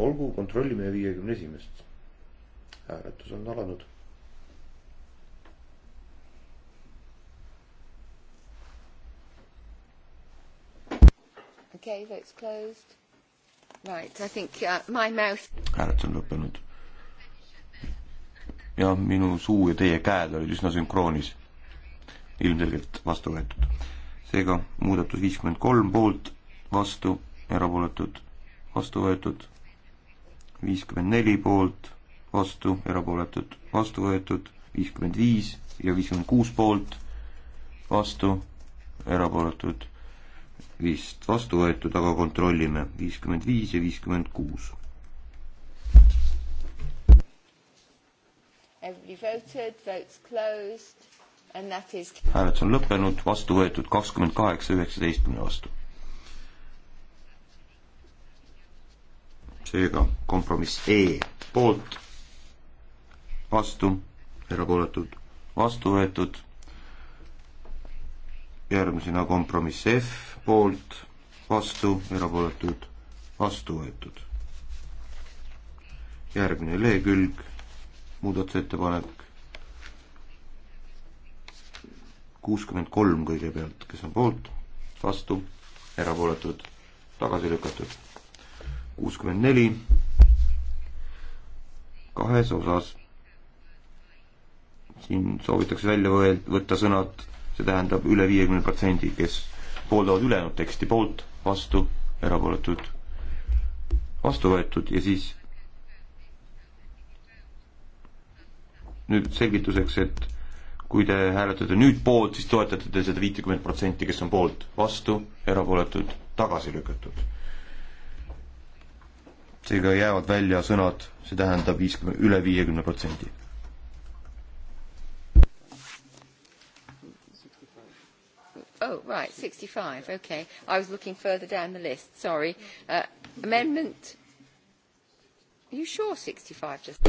olgu, kontrollime viiekümne esimest. hääletus on alanud. okei okay,, vote's closed Right, I think uh, my mouth... hääled on lõppenud. jah, minu suu ja teie käed olid üsna sünkroonis. ilmselgelt vastu võetud. seega muudatus viiskümmend kolm poolt, vastu, erapooletud, vastu võetud. viiskümmend neli poolt, vastu, erapooletud, vastu võetud. viiskümmend viis ja viiskümmend kuus poolt, vastu, erapooletud vist vastu võetud, aga kontrollime. viiskümmend viis ja viiskümmend kuus. hääletus on lõppenud, vastu võetud kakskümmend kaheksa üheksateistkümne vastu. seega kompromiss E poolt, vastu, erapooletud, vastu võetud järgmisena kompromiss F poolt, vastu, erapooletud, vastu võetud. järgmine lehekülg, muudatusettepanek kuuskümmend kolm kõigepealt, kes on poolt, vastu, erapooletud, tagasi lükatud. kuuskümmend neli, kahes osas. siin soovitakse välja võel-, võtta sõnad see tähendab üle viiekümne protsendi, kes pooldavad ülejäänud teksti poolt, vastu, erapooletud, vastu võetud ja siis nüüd selgituseks, et kui te hääletate nüüd poolt, siis toetate te seda viitekümmet protsenti, kes on poolt, vastu, erapooletud, tagasi lükatud. seega jäävad välja sõnad, see tähendab viiskümmend, üle viiekümne protsendi Oh, right, 65, okay. I was looking further down the list, sorry. Uh, amendment, are you sure 65 just?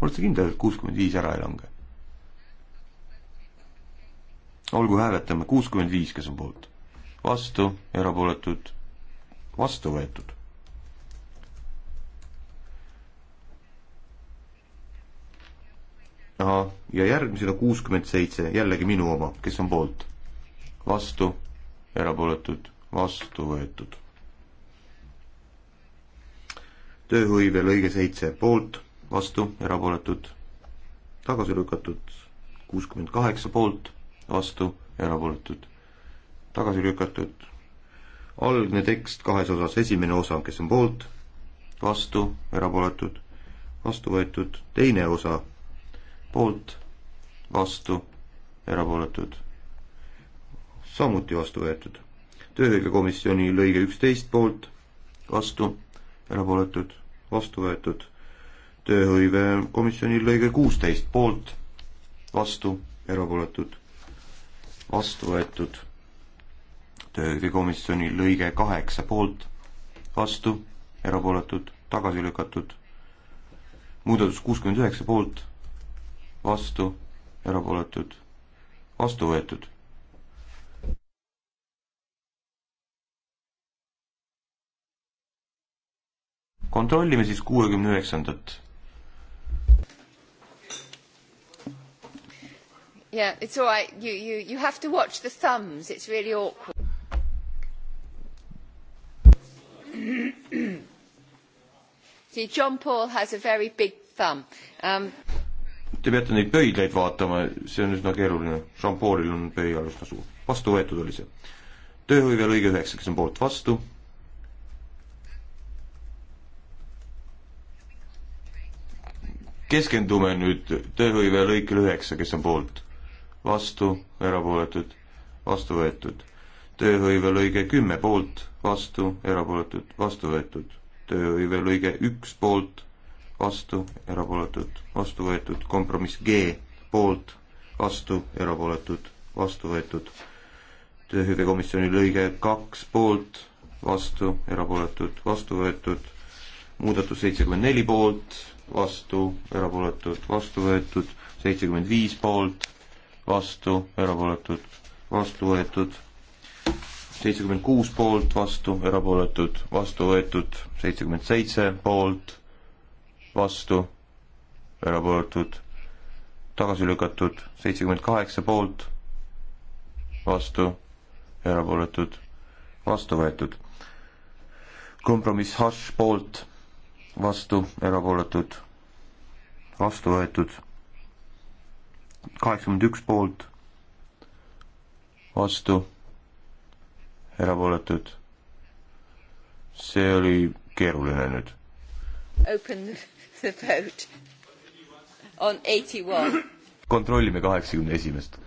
olete kindel, et kuuskümmend viis ära ei lange? olgu, hääletame kuuskümmend viis, kes on poolt. vastu, erapooletud, vastu võetud. ahah, ja järgmisena kuuskümmend seitse, jällegi minu oma, kes on poolt vastu, erapooletud, vastu võetud. tööhõive lõige seitse poolt, vastu, erapooletud, tagasi lükatud, kuuskümmend kaheksa poolt, vastu, erapooletud, tagasi lükatud, algne tekst kahes osas, esimene osa, kes on poolt, vastu, erapooletud, vastu võetud, teine osa, poolt, vastu, erapooletud samuti vastu võetud. tööhõivekomisjoni lõige üksteist poolt, vastu, erapooletud, vastu võetud. tööhõivekomisjoni lõige kuusteist poolt, vastu, erapooletud, vastu võetud. tööhõivekomisjoni lõige kaheksa poolt, vastu, erapooletud, tagasi lükatud. muudatus kuuskümmend üheksa poolt, vastu, erapooletud, vastu võetud kontrollime siis kuuekümne üheksandat. Yeah, it's all right. You, you, you have to watch the thumbs. It's really awkward. See, John Paul has a very big thumb. Um, Te peate neid pöidlaid vaatama, see on üsna keeruline. Jean-Paulil on pöial üsna suur. vastu võetud oli see. tööhõive lõige üheksa, kes on poolt vastu keskendume nüüd tööhõive lõikele üheksa, kes on poolt, vastu, erapooletud, vastu võetud. tööhõive lõige kümme poolt, vastu, erapooletud, vastu võetud. tööhõive lõige üks poolt, vastu, erapooletud, vastu võetud. kompromiss G poolt, vastu, erapooletud, vastu võetud. tööhõive komisjoni lõige kaks poolt, vastu, erapooletud, vastu võetud. muudatus seitsekümmend neli poolt vastu, erapooletud, vastu võetud, seitsekümmend viis poolt, vastu, erapooletud, vastu võetud, seitsekümmend kuus poolt, vastu, erapooletud, vastu võetud, seitsekümmend seitse poolt, vastu, erapooletud, tagasi lükatud, seitsekümmend kaheksa poolt, vastu, erapooletud, vastu võetud. kompromiss Hush poolt vastu, erapooletud, vastu võetud. kaheksakümmend üks poolt, vastu, erapooletud. see oli keeruline nüüd. Open the vote on eighty one. kontrollime kaheksakümne esimest.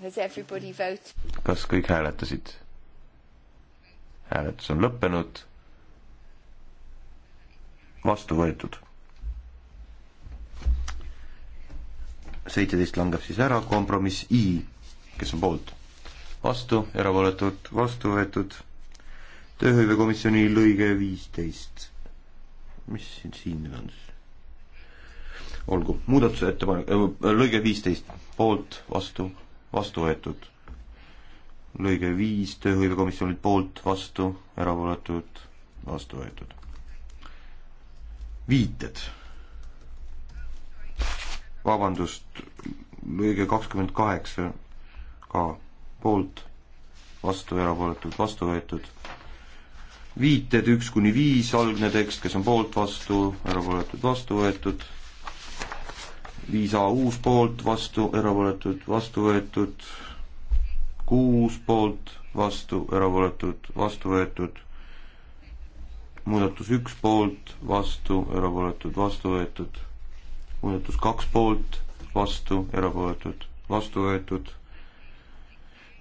Has everybody voted? kas kõik hääletasid? hääletus on lõppenud vastu võetud. seitseteist langeb siis ära, kompromiss I, kes on poolt, vastu, erapooletud, vastu võetud, tööhõivekomisjoni lõige viisteist. mis siin, siin nüüd on siis? olgu, muudatusettepanek, äh, äh, lõige viisteist, poolt, vastu, vastu võetud. lõige viis, tööhõivekomisjonilt poolt, vastu, erapooletud, vastu võetud viited. vabandust, lõige kakskümmend kaheksa ka poolt, vastu, erapooletud, vastu võetud. viited üks kuni viis, algne tekst, kes on poolt, vastu, erapooletud, vastu võetud. viis A uus poolt, vastu, erapooletud, vastu võetud. kuus poolt, vastu, erapooletud, vastu võetud muudatus üks poolt, vastu, erapooletud, vastu võetud. muudatus kaks poolt, vastu, erapooletud, vastu võetud.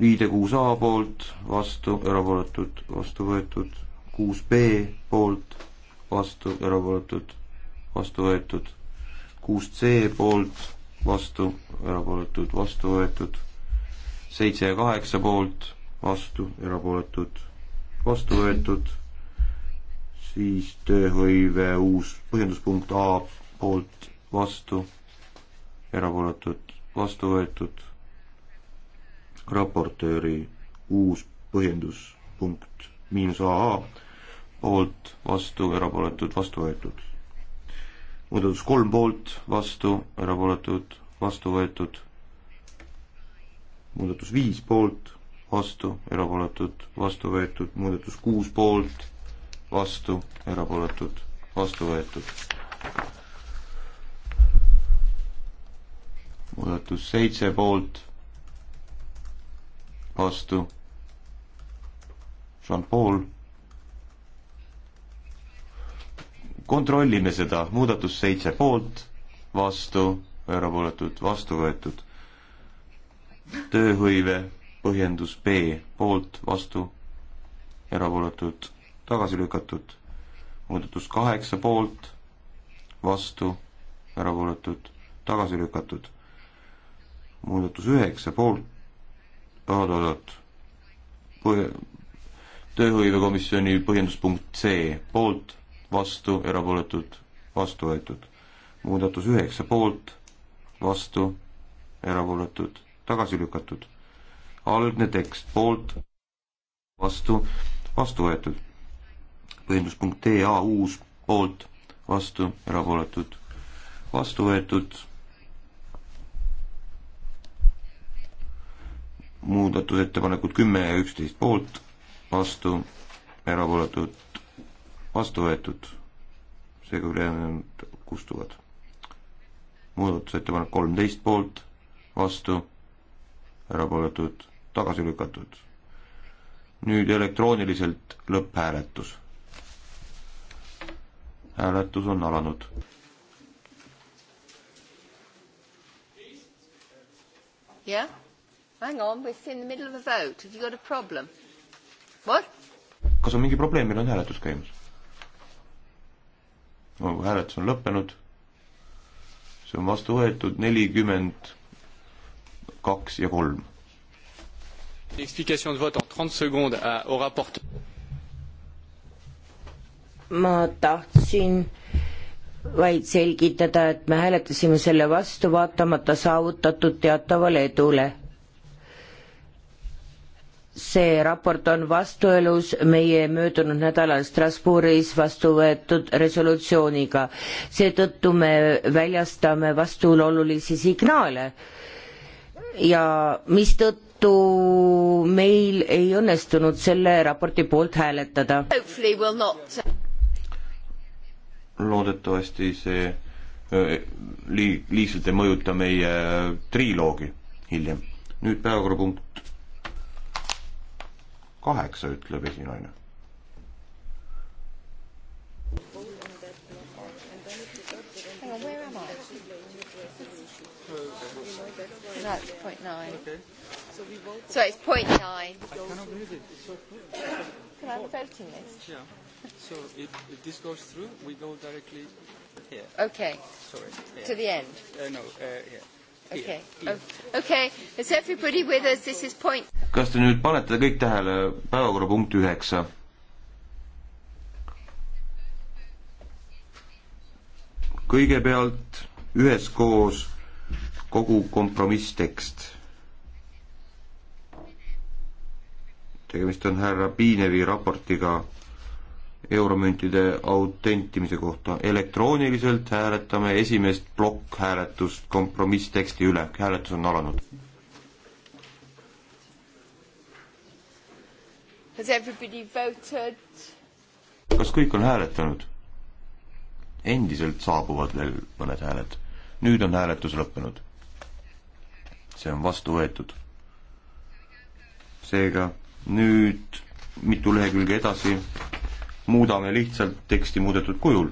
viide kuus A poolt, vastu, erapooletud, vastu võetud. kuus B poolt, vastu, erapooletud, vastu võetud. kuus C poolt, vastu, erapooletud, vastu võetud. seitse ja kaheksa poolt, vastu, erapooletud, vastu võetud siis tööhõive uus põhjenduspunkt A poolt vastu, erapooletud vastu võetud, raportööri uus põhjenduspunkt miinus AA poolt vastu, erapooletud vastu võetud. muudatus kolm poolt vastu, erapooletud vastu võetud, muudatus viis poolt vastu, erapooletud vastu võetud, muudatus kuus poolt vastu, erapooletud, vastu võetud. muudatus seitse poolt, vastu, Jean-Paul. kontrollime seda, muudatus seitse poolt, vastu, erapooletud, vastu võetud. tööhõive, põhjendus B, poolt, vastu, erapooletud tagasi lükatud. muudatus kaheksa poolt, vastu, erapooletud, tagasi lükatud. muudatus üheksa poolt, oot-oot-oot, tööhõivekomisjoni põhjenduspunkt C, poolt, vastu, erapooletud, vastu võetud. muudatus üheksa poolt, vastu, erapooletud, tagasi lükatud. algne tekst poolt, vastu, vastu võetud põhjenduspunkt TA uus poolt, vastu, erapooletud, vastu võetud. muudatusettepanekud kümme ja üksteist poolt, vastu, erapooletud, vastu võetud. seega ülejäänud kustuvad. muudatusettepanek kolmteist poolt, vastu, erapooletud, tagasi lükatud. nüüd elektrooniliselt lõpphääletus hääletus on alanud. jah yeah.? Hang on, we're in the middle of a vote. Have you got a problem? What? kas on mingi probleem, meil on hääletus käimas? no oh, hääletus on lõppenud, see on vastu võetud nelikümmend kaks ja kolm. Explication de vote en 30 secondes au rapporteur ma tahtsin vaid selgitada, et me hääletasime selle vastu, vaatamata saavutatud teatavale edule. see raport on vastuelus meie möödunud nädalal Strasbourgis vastu võetud resolutsiooniga. seetõttu me väljastame vastuolulisi signaale ja mistõttu meil ei õnnestunud selle raporti poolt hääletada loodetavasti see lii-, liigselt ei mõjuta meie triloogi hiljem. nüüd päevakorrapunkt kaheksa, ütleb esinaine. No, it's point nine. Okay. So, so it's point nine. I cannot read it. It's so full. Can I have a voting list? Yeah so if, if this goes through, we go directly here. Okay. Sorry. Here. To the end. Uh, no, uh, here. Okay. Here. Oh, okay, is everybody with us, this is point. kas te nüüd panete kõik tähele päevakorrapunkt üheksa? kõigepealt üheskoos kogu kompromisstekst. tegemist on härra Piinevi raportiga euromüntide autentimise kohta. elektrooniliselt hääletame esimest plokkhääletust kompromissteksti üle, hääletus on alanud. kas kõik on hääletanud? endiselt saabuvad veel mõned hääled. nüüd on hääletus lõppenud. see on vastu võetud. seega nüüd mitu lehekülge edasi muudame lihtsalt teksti muudetud kujul.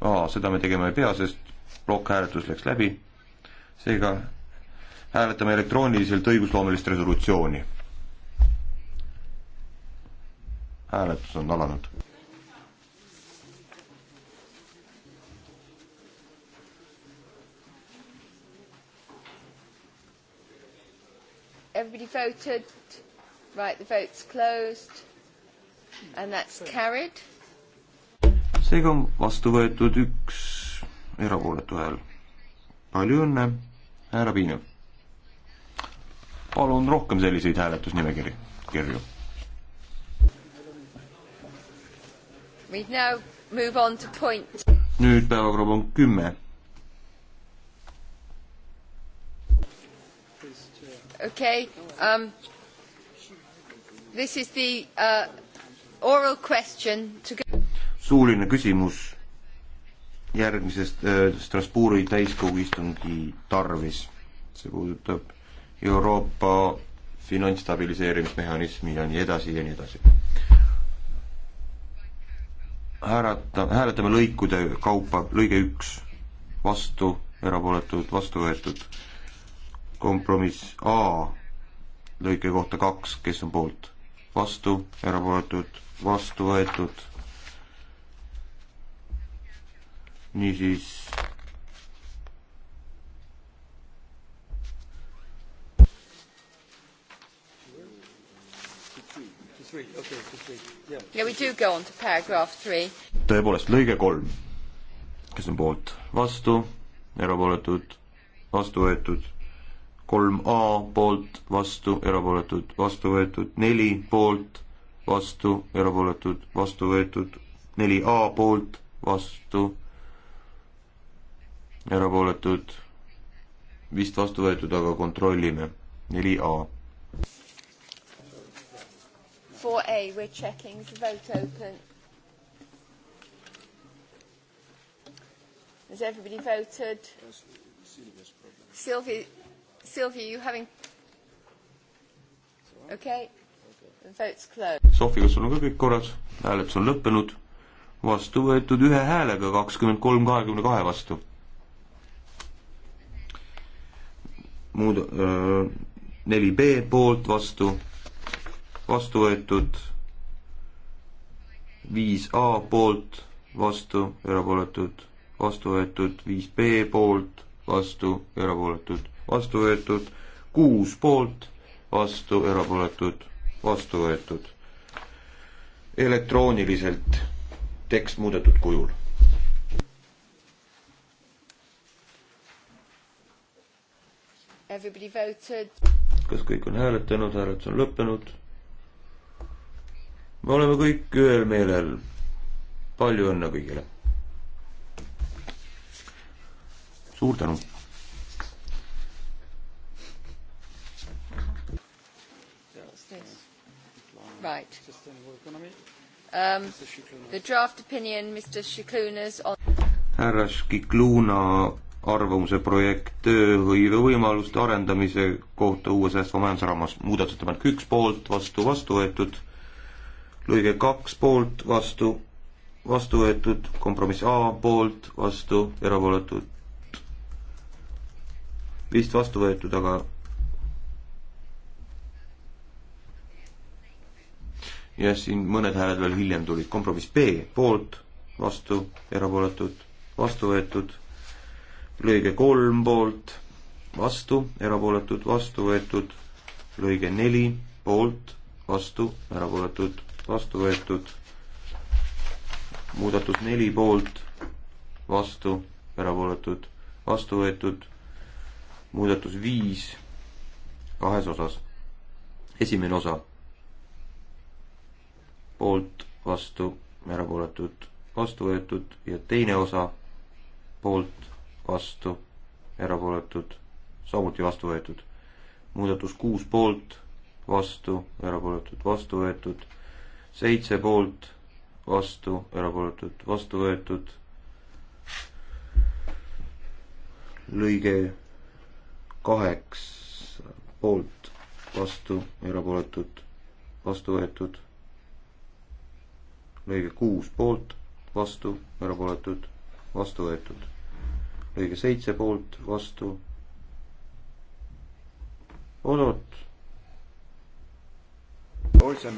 aa, seda me tegema ei pea, sest plokkhääletus läks läbi, seega hääletame elektrooniliselt õigusloomelist resolutsiooni. hääletus on alanud. Everybody voted? Right, the vote's closed and that's carried. seega on vastu võetud üks erapooletu hääl. palju õnne, härra Piinov. palun rohkem selliseid hääletusnimekirju, kirju. We now move on to point. nüüd päevakorrapunkt kümme. okei okay, um,, this is the uh, To... suuline küsimus järgmisest äh, Strasbourgi täiskogu istungi tarvis. see puudutab Euroopa finantsstabiliseerimismehhanismi ja nii edasi ja nii edasi. hääleta, hääletame lõikude kaupa, lõige üks, vastu, erapooletud, vastu võetud. kompromiss A lõike kohta kaks, kes on poolt vastu, erapooletud, vastu võetud. niisiis. tõepoolest, lõige kolm. kes on poolt, vastu, erapooletud, vastu võetud kolm A poolt, vastu, erapooletud, vastu võetud, neli poolt, vastu, erapooletud, vastu võetud, neli A poolt, vastu, erapooletud, vist vastu võetud, aga kontrollime, neli A. Four A, we are checking, the vote open. Has everybody voted? Sylvia's problem. Sylvie Sylvia, you having? okei okay. okay., vote's closed. Sofi, kas sul on ka kõik korras? hääletus on lõppenud, vastu võetud ühe häälega, kakskümmend kolm kahekümne kahe vastu. muud, äh, neli B poolt vastu, vastu võetud viis A poolt, vastu, erapooletud, vastu võetud viis B poolt, vastu, erapooletud vastu võetud, kuus poolt, vastu erapooletud, vastu võetud. elektrooniliselt tekst muudetud kujul. kas kõik on hääletanud, hääletus on lõppenud? me oleme kõik ühel meelel. palju õnne kõigile. suur tänu Right. Um, the draft opinion, Mr Shikluna's on härra Skikluna arvamuse projekt tööhõive võimaluste arendamise kohta uue säästva majandusraamas. muudatusettepanek üks poolt, vastu, vastu võetud. lõige kaks poolt, vastu, vastu võetud. kompromiss A poolt, vastu, erapooletud. vist vastu võetud, aga ja siin mõned hääled veel hiljem tulid. kompromiss B poolt, vastu, erapooletud, vastu võetud. lõige kolm poolt, vastu, erapooletud, vastu võetud. lõige neli poolt, vastu, erapooletud, vastu võetud. muudatus neli poolt, vastu, erapooletud, vastu võetud. muudatus viis kahes osas. esimene osa poolt, vastu, erapooletud, vastu võetud ja teine osa poolt, vastu, erapooletud, samuti vastu võetud. muudatus kuus poolt, vastu, erapooletud, vastu võetud, seitse poolt, vastu, erapooletud, vastu võetud, lõige kaheksa poolt, vastu, erapooletud, vastu võetud lõige kuus poolt, vastu, erapooletud, vastu võetud. lõige seitse poolt, vastu. oot-oot. Olsen.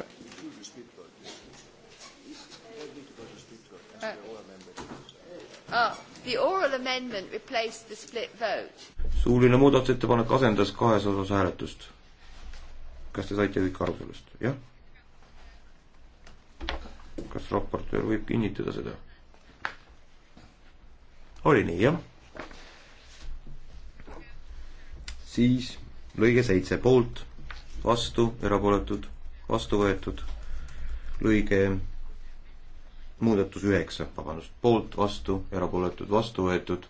Ah, uh, uh, the oral amendment replaced the split vote. suuline muudatusettepanek asendas kahes osas hääletust. kas te saite kõik aru sellest? jah raportöör võib kinnitada seda. oli nii, jah? siis lõige seitse poolt, vastu, erapooletud, vastu võetud, lõige muudatus üheksa, vabandust, poolt, vastu, erapooletud, vastu võetud,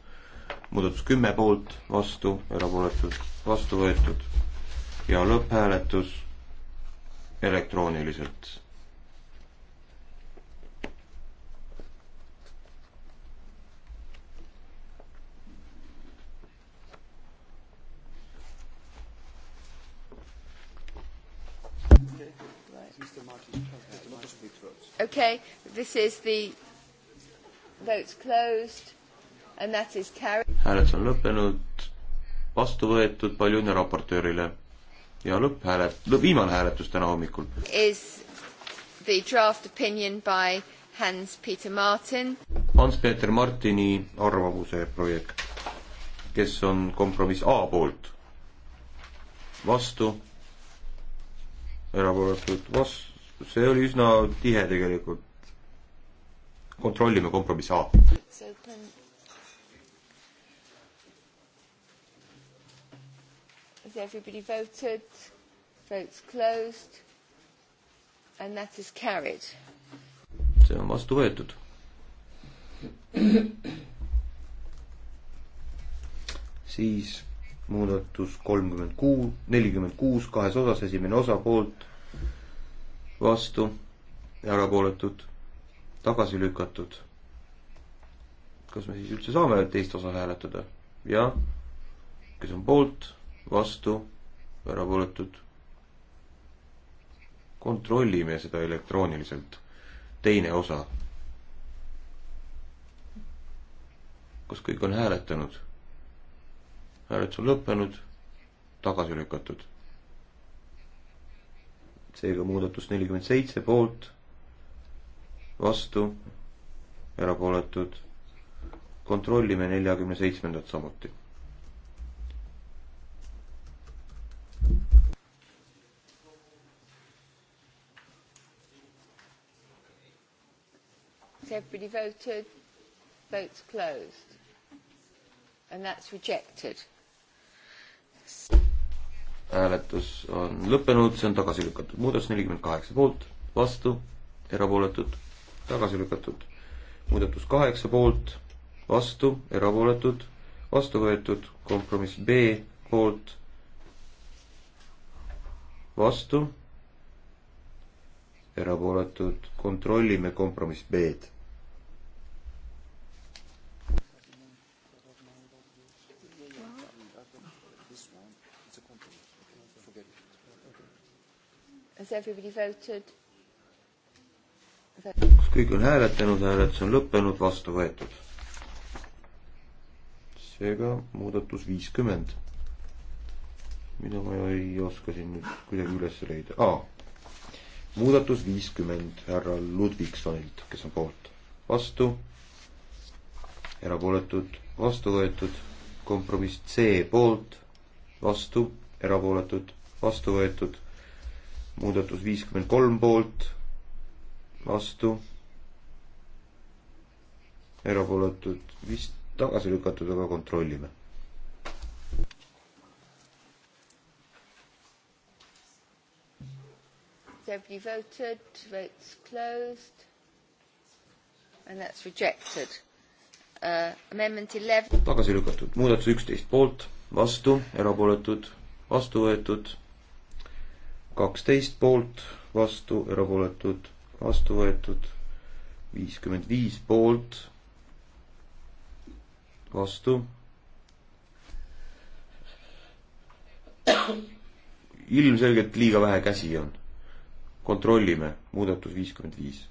muudatus kümme poolt, vastu, erapooletud, vastu võetud ja lõpphääletus elektrooniliselt This is the votes closed and that is carried. hääletus on lõppenud, vastu võetud, palju õnne raportöörile. ja lõpphääle-, viimane hääletus täna hommikul. Is the draft opinion by Hans-Peter Martin. Hans-Peeter Martini arvamuse projekt, kes on kompromiss A poolt, vastu, erapooletud vastu, see oli üsna tihe tegelikult kontrollime kompromissi A. Has everybody voted? Votes closed. And that is carried. see on vastu võetud. siis muudatus kolmkümmend kuus, nelikümmend kuus kahes osas, esimene osa poolt, vastu, erapooletud, tagasi lükatud. kas me siis üldse saame teist osa hääletada? jah. kes on poolt, vastu, erapooletud? kontrollime seda elektrooniliselt. teine osa. kas kõik on hääletanud? hääletus on lõppenud, tagasi lükatud. seega muudatus nelikümmend seitse poolt vastu, erapooletud. kontrollime neljakümne seitsmendat samuti. Everybody voted, votes closed and that's rejected. hääletus on lõppenud, see on tagasi lükatud. muudatus nelikümmend kaheksa poolt, vastu, erapooletud tagasi lükatud. muudatus kaheksa poolt, vastu, erapooletud, vastu võetud, kompromiss B poolt, vastu, erapooletud, kontrollime kompromiss B-d. Has everybody voted? kas kõik on hääletanud, hääletus on lõppenud, vastu võetud. seega muudatus viiskümmend, mida ma ei oska siin nüüd kuidagi üles leida ah,. muudatus viiskümmend härra Ludvigsonilt, kes on poolt, vastu, erapooletud, vastu võetud, kompromiss C poolt, vastu, erapooletud, vastu võetud, muudatus viiskümmend kolm poolt vastu, erapooletud vist tagasi lükatud, aga kontrollime. Everybody voted, votes closed and that's rejected uh,. Amendment eleven. tagasi lükatud, muudatus üksteist poolt, vastu, erapooletud, vastu võetud, kaksteist poolt, vastu, erapooletud vastu võetud viiskümmend viis poolt, vastu. ilmselgelt liiga vähe käsi on. kontrollime, muudatus viiskümmend viis.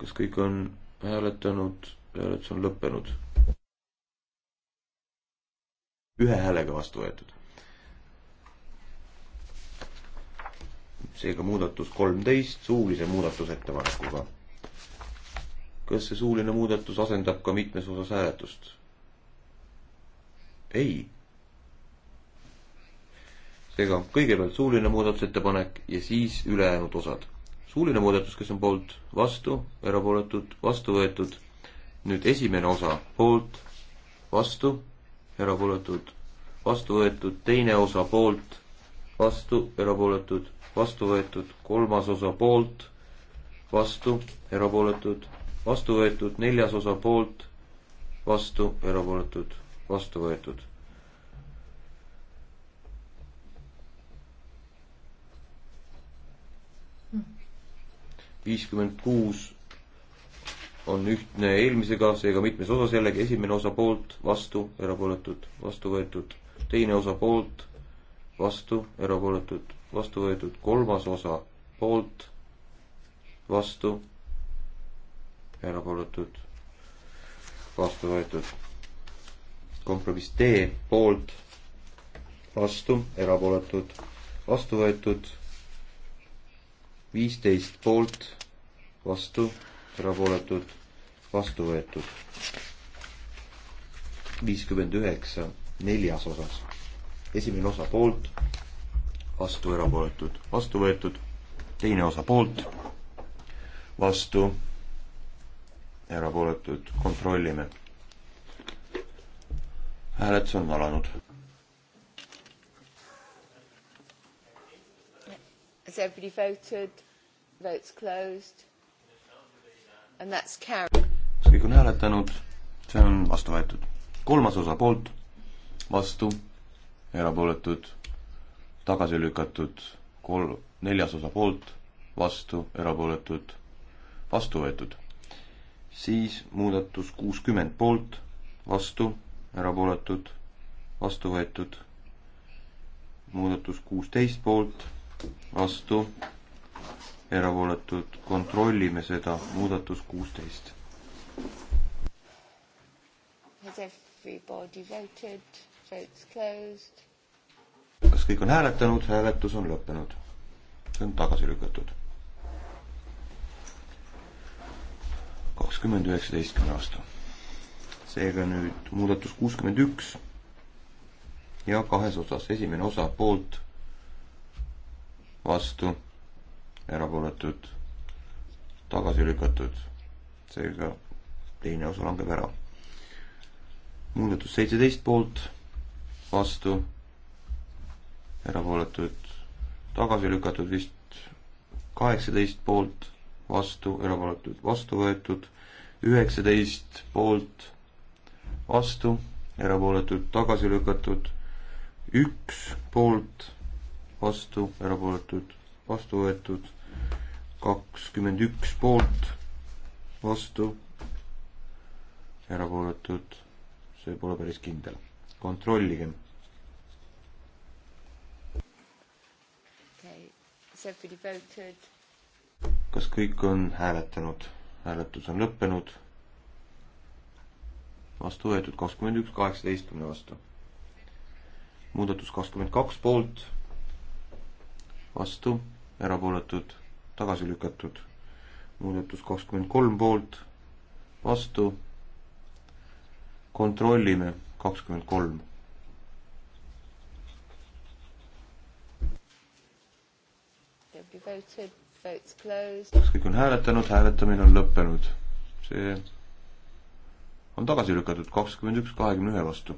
kas kõik on hääletanud, hääletus on lõppenud? ühe häälega vastu võetud seega muudatus kolmteist suulise muudatusettepanekuga. kas see suuline muudatus asendab ka mitmes osas hääletust? ei. seega kõigepealt suuline muudatusettepanek ja siis ülejäänud osad. suuline muudatus, kes on poolt, vastu, erapooletud, vastu võetud. nüüd esimene osa, poolt, vastu, erapooletud, vastu võetud, teine osa poolt vastu, erapooletud, vastu võetud, kolmas osa poolt, vastu, erapooletud, vastu võetud, neljas osa poolt, vastu, erapooletud, vastu võetud. viiskümmend kuus on ühtne eelmisega, seega mitmes osas jällegi esimene osa poolt, vastu, erapooletud, vastu võetud, teine osa poolt vastu, erapooletud, vastu võetud kolmas osa poolt, vastu, erapooletud, vastu võetud. kompromiss D poolt, vastu, erapooletud, vastu võetud, viisteist poolt, vastu, erapooletud, vastu võetud. viiskümmend üheksa neljas osas esimene osa poolt, vastu erapooletud, vastu võetud, teine osa poolt, vastu erapooletud, kontrollime. hääletus on alanud. Has everybody voted? Votes closed. And that's carried. kas kõik on hääletanud? see on vastu võetud. kolmas osa poolt, vastu erapooletud, tagasi lükatud, kolm, neljas osa poolt, vastu, erapooletud, vastu võetud. siis muudatus kuuskümmend poolt, vastu, erapooletud, vastu võetud. muudatus kuusteist poolt, vastu, erapooletud, kontrollime seda, muudatus kuusteist. Has everybody voted? Votes closed. kas kõik on hääletanud, hääletus on lõppenud. see on tagasi lükatud. kakskümmend üheksateistkümne aasta. seega nüüd muudatus kuuskümmend üks ja kahes osas, esimene osa poolt, vastu, erapooletud, tagasi lükatud, seega teine osa langeb ära. muudatus seitseteist poolt vastu, erapooletuid tagasi lükatud vist kaheksateist poolt, vastu, erapooletuid vastu võetud, üheksateist poolt, vastu, erapooletuid tagasi lükatud, üks poolt, vastu, erapooletuid vastu võetud, kakskümmend üks poolt, vastu, erapooletud, see pole päris kindel kontrolligem. kas kõik on hääletanud? hääletus on lõppenud. vastu võetud kakskümmend üks kaheksateistkümne vastu. muudatus kakskümmend kaks poolt, vastu, erapooletud, tagasi lükatud. muudatus kakskümmend kolm poolt, vastu kontrollime kakskümmend kolm. kas kõik on hääletanud, hääletamine on lõppenud. see on tagasi lükatud kakskümmend üks kahekümne ühe vastu.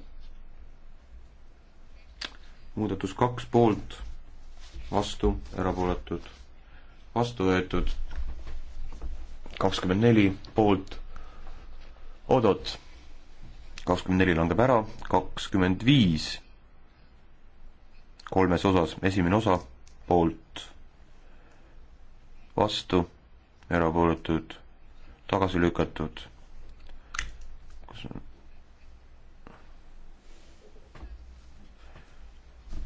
muudatus kaks poolt, vastu, erapooletud, vastu võetud kakskümmend neli poolt, oodot kakskümmend neli langeb ära, kakskümmend viis kolmes osas, esimene osa poolt, vastu, erapooletud, tagasi lükatud. kas on?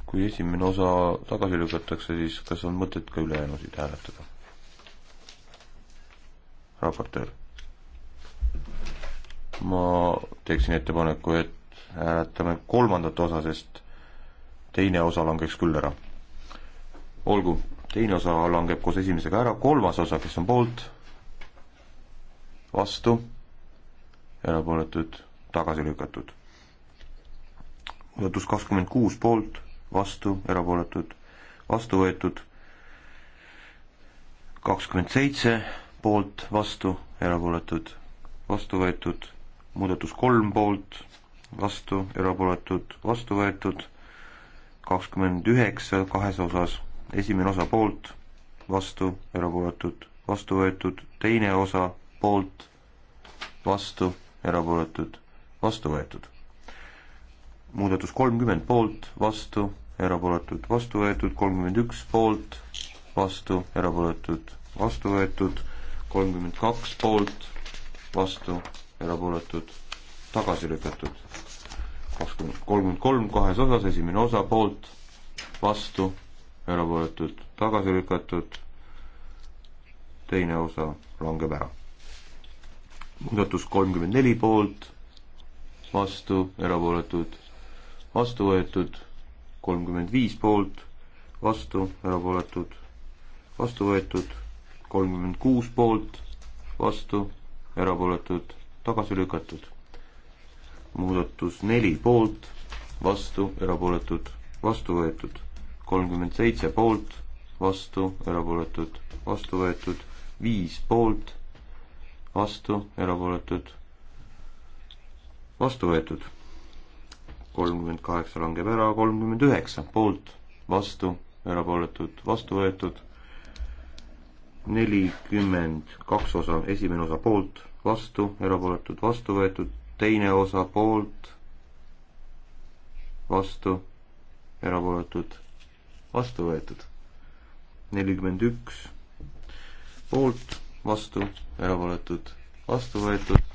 kui esimene osa tagasi lükatakse, siis kas on mõtet ka ülejäänusid hääletada? raportöör ma teeksin ettepaneku, et hääletame kolmandat osa, sest teine osa langeks küll ära. olgu, teine osa langeb koos esimesega ära, kolmas osa, kes on poolt, vastu, erapooletud, tagasi lükatud. muudatus kakskümmend kuus poolt, vastu, erapooletud, vastu võetud, kakskümmend seitse poolt, vastu, erapooletud, vastu võetud muudatus kolm poolt, vastu, erapooletud, vastu võetud, kakskümmend üheksa kahes osas, esimene osa poolt, vastu, erapooletud, vastu võetud, teine osa poolt, vastu, erapooletud, vastu võetud. muudatus kolmkümmend poolt, vastu, erapooletud, vastu võetud, kolmkümmend üks poolt, vastu, erapooletud, vastu võetud, kolmkümmend kaks poolt, vastu, erapooletud, tagasi lükatud. kakskümmend, kolmkümmend kolm kahes osas, esimene osa poolt, vastu, erapooletud, tagasi lükatud, teine osa langeb ära. muudatus kolmkümmend neli poolt, vastu, erapooletud, vastu võetud, kolmkümmend viis poolt, vastu, erapooletud, vastu võetud, kolmkümmend kuus poolt, vastu, erapooletud, tagasi lükatud. muudatus neli poolt, vastu, erapooletud, vastu võetud. kolmkümmend seitse poolt, vastu, erapooletud, vastu võetud. viis poolt, vastu, erapooletud, vastu võetud. kolmkümmend kaheksa langeb ära, kolmkümmend üheksa poolt, vastu, erapooletud, vastu võetud nelikümmend kaks osa, esimene osa poolt, vastu, erapooletud vastu võetud, teine osa poolt, vastu, erapooletud vastu võetud. nelikümmend üks poolt, vastu, erapooletud vastu võetud.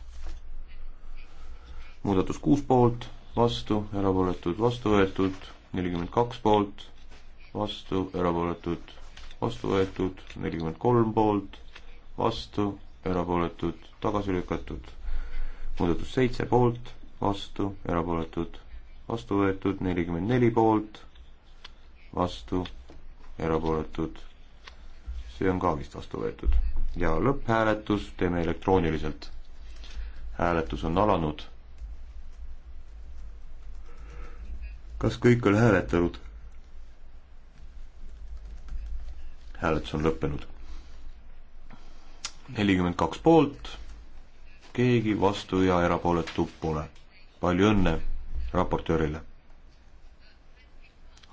muudatus kuus poolt, vastu, erapooletud vastu võetud, nelikümmend kaks poolt, vastu, erapooletud vastu võetud, nelikümmend kolm poolt, vastu, erapooletud tagasi lükatud. muudatus seitse poolt, vastu, erapooletud, vastu võetud, nelikümmend neli poolt, vastu, erapooletud. see on ka vist vastu võetud. ja lõpphääletus teeme elektrooniliselt. hääletus on alanud. kas kõik on hääletanud? hääletus on lõppenud. nelikümmend kaks poolt keegi vastu ja erapooletu pole. palju õnne raportöörile.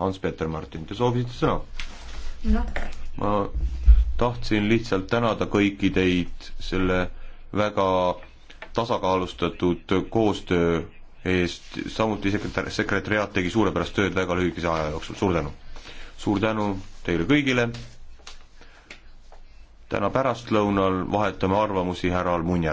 Hans-Peter Martin, te soovisite sõna no.? ma tahtsin lihtsalt tänada kõiki teid selle väga tasakaalustatud koostöö eest, samuti sekretär, sekretäriaat tegi suurepärast tööd väga lühikese aja jooksul, suur tänu! suur tänu teile kõigile, täna pärastlõunal vahetame arvamusi härra Almunjaga.